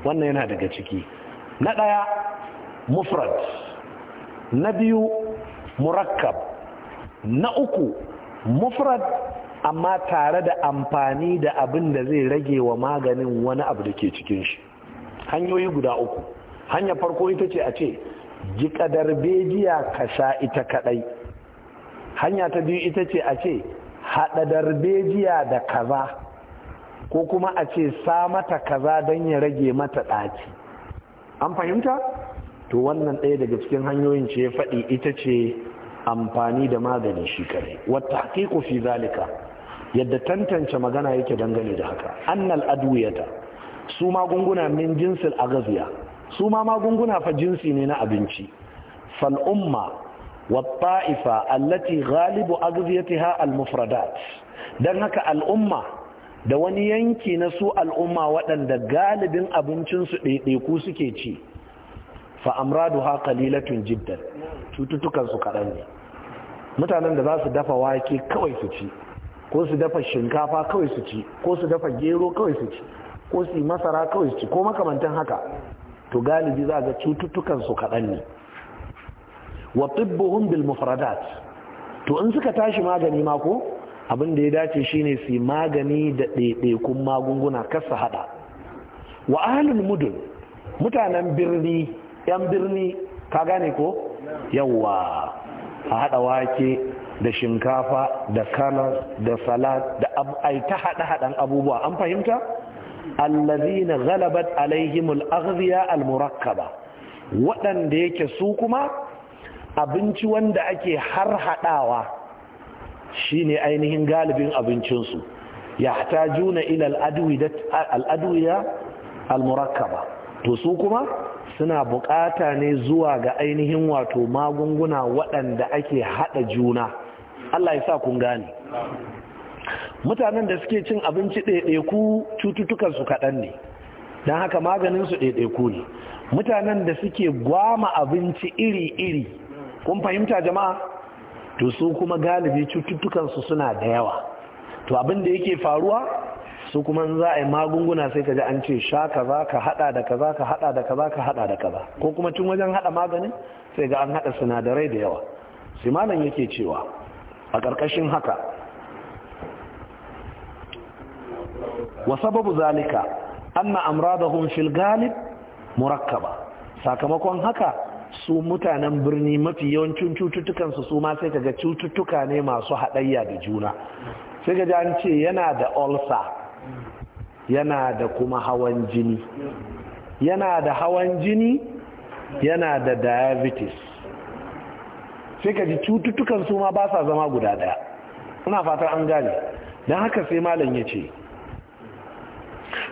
Speaker 1: wannan yana daga ciki na ɗaya mufrad na biyu murakkab na uku mufrad amma tare da amfani da abin da zai rage wa maganin wani abu da ke cikin shi hanyoyi guda uku Hanya farko ita ce a ce ji darbejiya ka sha ita kadai hanya ta biyu ita ce a ce haɗa darbejiya da kaza ko kuma a ce sa mata kaza don ya rage mata ɗaci an fahimta to wannan ɗaya daga cikin hanyoyin ce ya faɗi ita ce amfani da magani shi kare wata haƙiƙo fi zalika yadda tantance magana yake dangane da haka annal adwiyata su magunguna min jinsil agaziya su ma magunguna fa jinsi ne na abinci fal umma wa ta'ifa allati ghalibu aghziyatiha al mufradat dan haka al umma da wani yanki na su al'umma waɗanda galibin abincinsu ɗaiɗaiku suke ci fa'amradu ha kalilatun jiddan cututtukansu kaɗan ne mutanen da za su dafa wake kawai su ci ko su dafa shinkafa kawai su ci ko su dafa gero kawai su ci ko su yi masara kawai su ci ko makamantan haka to galibi za ga cututtukan su kaɗan ne wa tibbuhum bil mufradat to in suka tashi magani ma ko abin da ya dace shine su yi magani da ɗaiɗaikun magunguna kasa haɗa wa ahlul mudun mutanen birni yan birni ka gane ko yawwa a haɗa wake da shinkafa da kana da salat da ai ta hada hadan abubuwa an fahimta allazina ghalabat alaihimul aghziya almurakkaba waɗanda yake su kuma abinci wanda ake har hadawa shine ainihin galibin abincinsu yahtajuna ila al aladwiya al to su kuma suna bukata ne zuwa ga ainihin wato magunguna waɗanda ake haɗa juna Allah ya sa kun gane mutanen da suke cin abinci ɗaiɗaiku cututtukan su kaɗan ne don haka maganin su ɗaiɗaiku ne mutanen da suke gwama abinci iri-iri kun fahimta jama'a to su kuma galibi cututtukansu suna da yawa to abin da yake faruwa su kuma za a yi magunguna sai ka ji an ce sha ka za ka hada da kaza ka hada da kaza ka hada da kaza ko kuma tun wajen hada maganin sai ga an hada sinadarai da yawa sai malam yake cewa a ƙarƙashin haka wa sababu zalika anna amradahum fil galib murakkaba sakamakon haka su mutanen birni mafi yawancin cututtukansu su ma sai kaga cututtuka ne masu haɗayya da juna sai ga an ce yana da olsa yana da kuma hawan jini yana da hawan jini yana da diabetes sai ka ji cututtukan su ma ba sa zama guda daya ina fata an gane don haka sai malam ya ce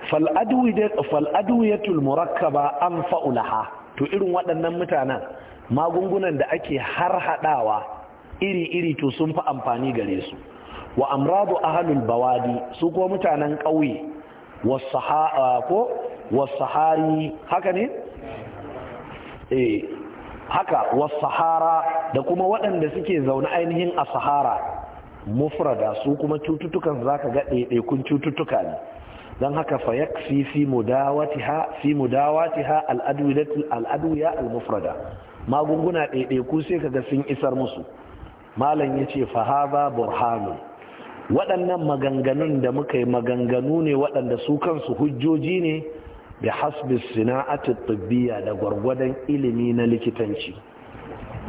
Speaker 1: fal'aduyatul murakkaba an fa'ulaha to irin waɗannan mutanen magungunan da ake har haɗawa iri-iri to sun fi amfani gare su wa amradu ahalul bawadi su ko mutanen ƙauye ko hari haka ne? Eh, haka wasahara da kuma waɗanda suke zaune ainihin a sahara mufrada su kuma cututtukan za ka ga ɗaiɗaikun cututtuka ne don haka fayak fi mudawatiha fi mudawatiha al'aduya al-mufrada magunguna ɗaiɗaiku sai ka ga sun isar musu malam ya ce fahaba burhanu waɗannan maganganun da muka yi maganganu ne waɗanda su kansu hujjoji ne bi hasbis sina'atu tibbiya da gwargwadon ilimi na likitanci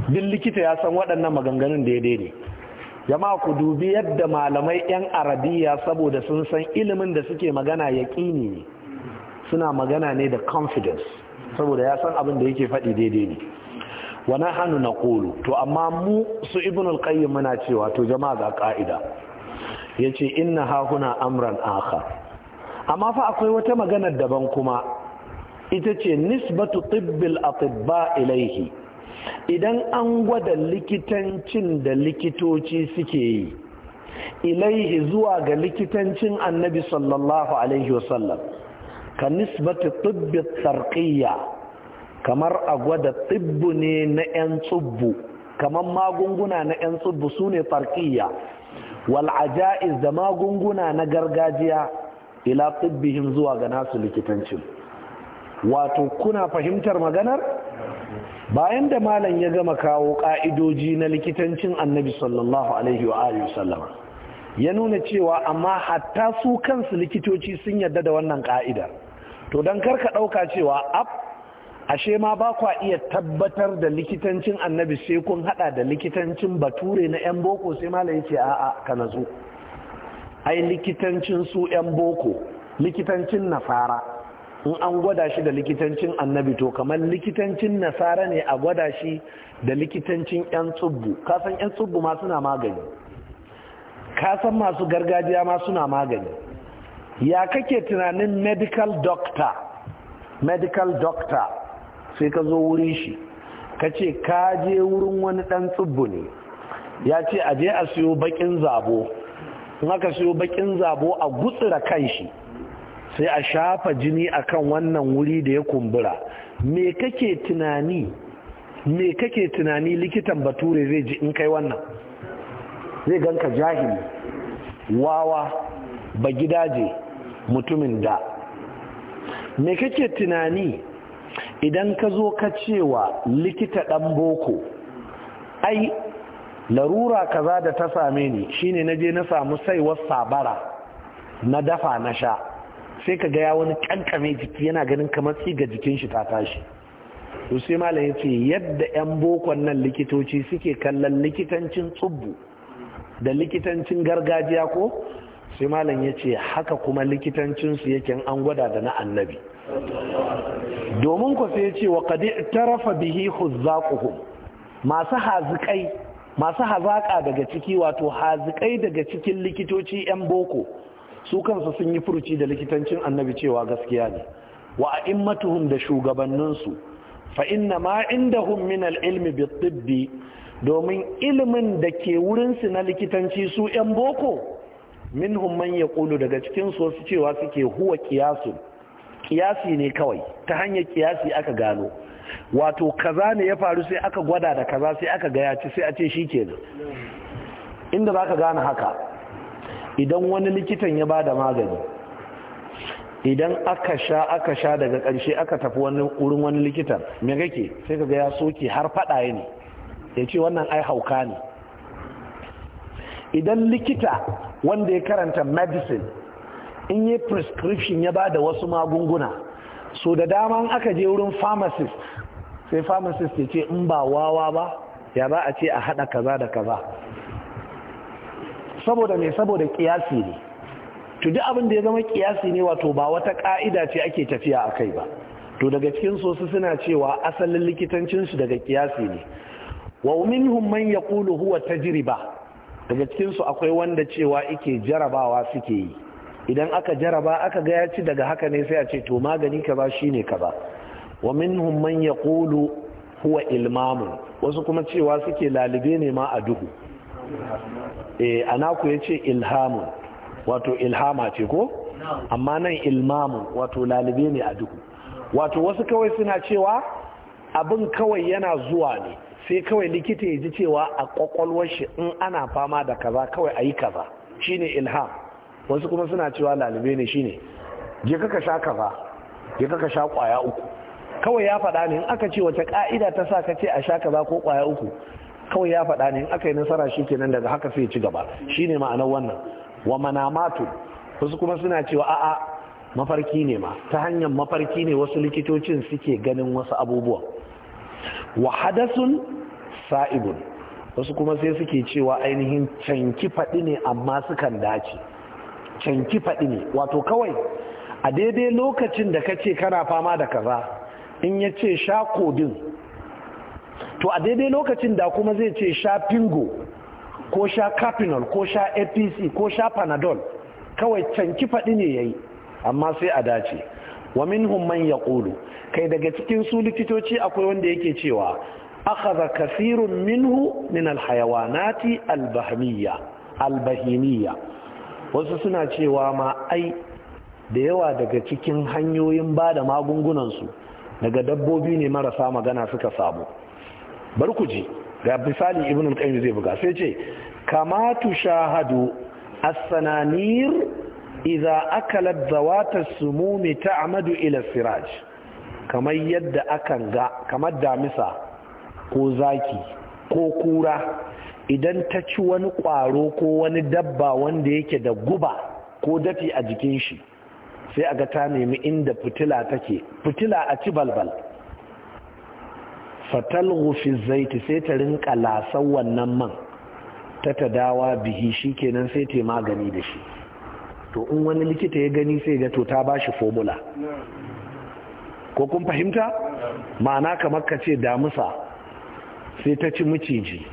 Speaker 1: Bin likita ya san waɗannan maganganun daidai ne jama'a ku dubi yadda malamai 'yan arabiya saboda sun san ilimin da suke magana ya ne suna magana ne da confidence saboda ya san abin da yake faɗi daidai ne wani hannu na kolo to amma mu su ibn alƙayi muna cewa to jama'a ga ƙa'ida ya ce inna hahuna amran aka amma fa akwai wata maganar daban kuma ita ce nisbatu tibbil atibba ilaihi idan an gwada likitancin da likitoci suke yi ilaihi zuwa ga likitancin annabi sallallahu alaihi wasallam ka nisbati tibbi tsarkiya kamar a gwada tibbu ne na 'yan tsubbu kamar magunguna na 'yan tsubbu su ne tsarkiya wal'aja'iz da magunguna na gargajiya ila tibbihim zuwa ga nasu likitancin wato kuna fahimtar maganar bayan da malam ya gama kawo ka'idoji na likitancin annabi sallallahu alaihi wa alihi sallama ya nuna cewa amma hatta su kansu likitoci sun yarda da wannan ka'ida to don ka ɗauka cewa ab ashe ma ba kwa iya tabbatar da likitancin annabi sai kun hada da likitancin bature na 'yan boko sai malam ya ce a'a ka nazo ai likitancin su 'yan boko likitancin nasara in an gwada shi da likitancin annabi to kamar likitancin nasara ne a gwada shi da likitancin 'yan tsubbu kasan 'yan tsubbu ma suna magani kasan masu gargajiya ma suna magani ya kake tunanin medical doctor medical doctor sai ka zo wurin shi ka ce ka je wurin wani dan tsubbu ne ya ce a je a siyo bakin zabo in aka siyo bakin zabo a gutsura kan shi sai a shafa jini akan wannan wuri da ya kumbura me kake tunani me kake tunani likitan bature zai ji in kai wannan zai ganka jahili wawa ba gidaje mutumin da me kake tunani idan ka zo ka cewa likita dan boko ai larura kaza da ta same ni shine na je na samu saiwar sabara na dafa na sha sai ka ga ya wani kankame jiki yana ganin kamar ga jikin shi ta tashi to sai malam ya ce yadda yan bokon nan likitoci suke kallon likitancin tsubbu da likitancin gargajiya ko sai malam ya ce haka kuma likitancinsu yake an gwada da na annabi domin ku sai ya ce wa qad tarafa bihi huzzaquhum masu hazikai masu hazaka daga ciki wato hazikai daga cikin likitoci yan boko su kansu sun yi furuci da likitancin annabi cewa gaskiya ne wa a'immatuhum da shugabanninsu fa inna ma hun min al’ilmi ilmi bi domin ilimin da ke wurinsu na likitanci su 'yan boko minhum man ƙulu daga cikin su wasu cewa suke huwa kiyasu kiyasi ne kawai ta hanyar kiyasi aka gano wato kaza ne ya faru sai aka gwada da kaza sai aka gayaci ci sai a ce shi kenan inda za ka gane haka idan wani likitan ya bada magani idan aka sha aka sha daga ƙarshe aka tafi wani wurin wani likitan mai kake sai ka ga ya soke har faɗa ne ya ce wannan ai hauka ne idan likita wanda ya karanta medicine in yi prescription ya ba da wasu magunguna so da dama aka je wurin pharmacist sai pharmacist ya ce in ba wawa ba ya ba a ce a hada kaza da kaza saboda mai saboda kiyasi ne to duk abin da ya zama kiyasi ne wato ba wata ka'ida ce ake tafiya a kai ba to daga cikin sosu suna cewa asalin likitancinsu daga kiyasi ne wa minhum man yaqulu huwa tajriba daga cikin su akwai wanda cewa ike jarabawa suke yi idan aka jaraba aka ga ya ci daga haka ne sai a ce to magani kaza shine kaza wa minhum man yaqulu huwa ilmamu wasu kuma cewa suke lalube ne ma a duhu Eh, naku anaku yace ilhamun wato ilhama ce ko amma nan ilmamun wato lalibe ne a duhu wato wasu kawai suna cewa abin kawai yana zuwa ne sai kawai likita ya ji cewa a kwakwalwar shi in ana fama da kaza kawai a yi kaza shine ilham wasu kuma suna cewa lalibe ne shine je kaka sha kaza je kaka sha kwaya uku kawai ya faɗa ne in aka ce wata ka'ida ta sa ka ce a sha kaza ko kwaya uku kawai ya faɗa ne in aka yi nasara shi kenan daga haka sai ci gaba shine ma'anar wannan wa manamatu wasu kuma suna cewa a'a mafarki ne ma ta hanyar mafarki ne wasu likitocin suke ganin wasu abubuwa wa hadasun sa'ibun wasu kuma sai suke cewa ainihin canki faɗi ne amma sukan dace canki faɗi ne wato kawai a daidai lokacin da kace kana fama da kaza in ya ce sha kodin to a daidai lokacin da kuma zai ce sha pingo ko sha capinol ko sha apc ko sha panadol kawai canki faɗi ne ya yi amma sai a dace wa minhum man ƙulu kai daga cikin su likitoci akwai wanda yake cewa akhadha kathirun minhu min alhayawanati albahmiya albahimiyya wasu suna cewa ma ai da yawa daga cikin hanyoyin bada da magungunan su daga dabbobi ne marasa magana suka samu bari ku ji ga misali ibn al zai buga sai ce kama shahadu as-sananir idza akalat zawata sumum ta'madu ila siraj kamar yadda akan ga kamar damisa ko zaki ko kura idan ta ci wani kwaro ko wani dabba wanda yake da guba ko dafi a jikin shi sai a ga ta nemi inda fitila take fitila a ci balbal Fatal rufin zaiti sai ta rinka lasan wannan man ta ta dawa bihi shikenan sai ta magani da shi to in wani likita ya gani sai ga to ta ba shi formula ko kun fahimta ma'ana kamar ka ce damusa sai ta ci miciji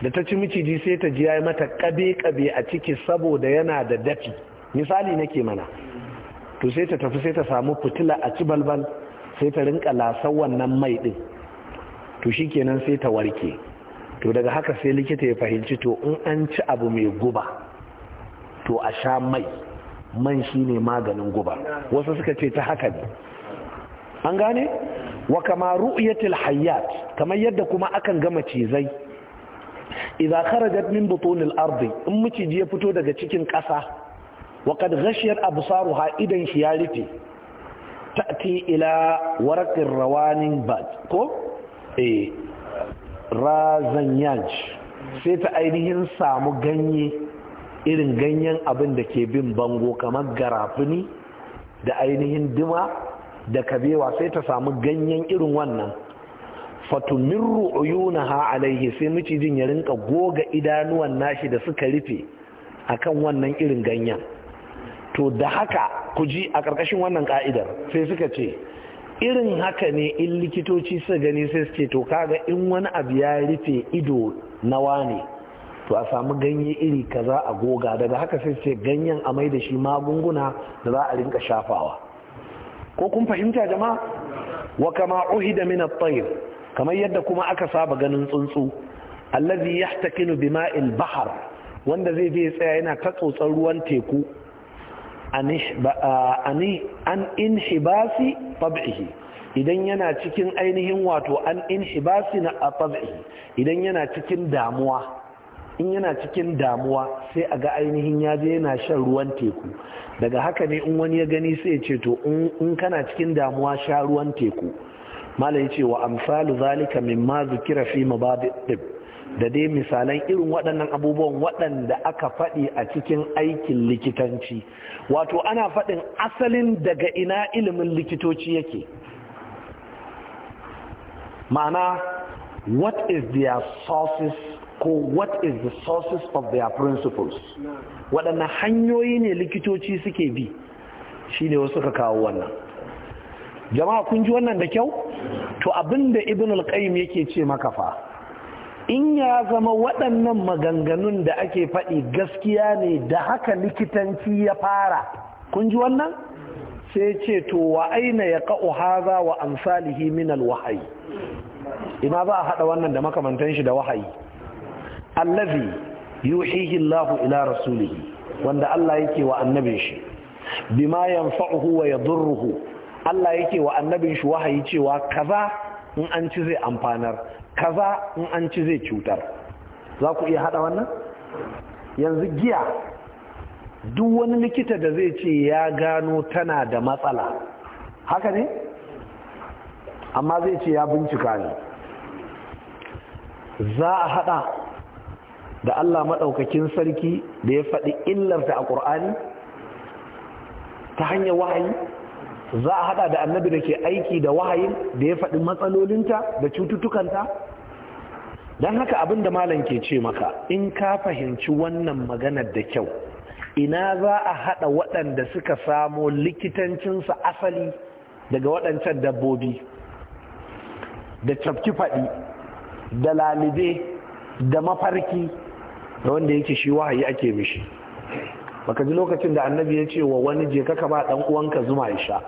Speaker 1: da ta ci miciji sai ta ji ya yi mata kabe-kabe a ciki saboda yana da dafi misali nake mana to sai ta tafi sai ta samu fitila a ci balbal sai ta rinka lasan wannan mai din to shi kenan sai ta warke to daga haka sai likita ya fahimci to in an ci abu mai guba to a sha mai man shine maganin guba wasu suka ce ta haka ne an gane wa kama ru'yatul hayyat kamar yadda kuma akan ga macizai idza kharajat min butunil ardi in maciji ya fito daga cikin ƙasa wa kad ghashiyat absaruha idan shi ya rufe ta'ti ila warqir rawanin bad ko eh yaj sai ta ainihin samu ganye irin ganyen abin da ke bin bango kamar garafini da ainihin dima da kabewa sai ta samu ganyen irin wannan na ha alaihi sai macijin ya rinka goga idanuwan nashi da suka rufe akan wannan irin ganyen to da haka ku ji a ƙarƙashin wannan ƙa'idar sai suka ce irin haka ne in likitoci su gani sai suke to kaga in wani abu ya rufe ido na wane to a samu ganye iri kaza a goga daga haka sai suke ganyen a mai da shi magunguna da za a rinka shafawa ko kun fahimta jama'a wa kama uhida min at-tayr kamar yadda kuma aka saba ganin tsuntsu allazi yahtakinu bima'il bahar wanda zai je tsaya yana ta ruwan teku an inhibasi tab'ihi idan yana cikin ainihin wato an inhibasi na tab'ihi idan yana cikin damuwa in yana cikin damuwa sai a ga ainihin ya je yana shan ruwan teku daga haka ne in wani ya gani sai ce to in kana cikin damuwa sha ruwan teku malai ce wa amsalu zalika mimma zikira fi mabadi da dai misalan irin waɗannan abubuwan waɗanda aka faɗi a cikin aikin likitanci wato ana faɗin asalin daga ina ilimin likitoci yake ma'ana what is their sources ko what is the sources of their principles waɗannan hanyoyi ne likitoci suke bi shi ne wasu ka kawo wannan jama'a kun ji wannan da kyau to abinda ibn al-qayyim yake ce maka fa in ya zama waɗannan maganganun da ake faɗi gaskiya ne da haka likitanci ya fara kun ji wannan sai ce to wa aina ya ka'u haza wa amsalihi min alwahayi ina za a haɗa wannan da makamantan shi da wahayi allazi yuhihi Allahu ila rasulihi wanda Allah yake wa annabin shi bima yanfa'uhu wa yadurruhu Allah yake wa annabin shi wahayi cewa kaza in an ci zai amfanar kaza in an ci zai cutar za ku iya hada wannan yanzu giya duk wani likita da zai ce ya gano tana da matsala haka ne amma zai ce ya bincika ne za a hada da Allah maɗaukakin sarki da ya faɗi illarta a ƙur'ani ta hanyar wahayi za a hada da annabi da ke aiki da wahayin da ya faɗi matsalolinta da cututtukanta don haka abin da malam ke ce maka in ka fahimci wannan maganar da kyau ina za a hada waɗanda suka samo likitancinsa asali daga waɗancan dabbobi da cafki faɗi da lalibe da mafarki da wanda yake shi wahayi ake mishi baka ji lokacin da annabi ya ce wa wani je ka ba dan uwanka zuma ya sha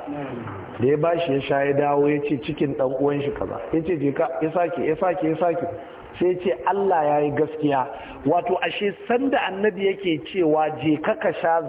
Speaker 1: da ya bashi ya sha ya dawo ya ce cikin dan uwan shi kaza ya ce je ka ya sake ya sake ya sake sai ya ce Allah ya yi gaskiya wato ashe sanda annabi yake cewa je ka ka sha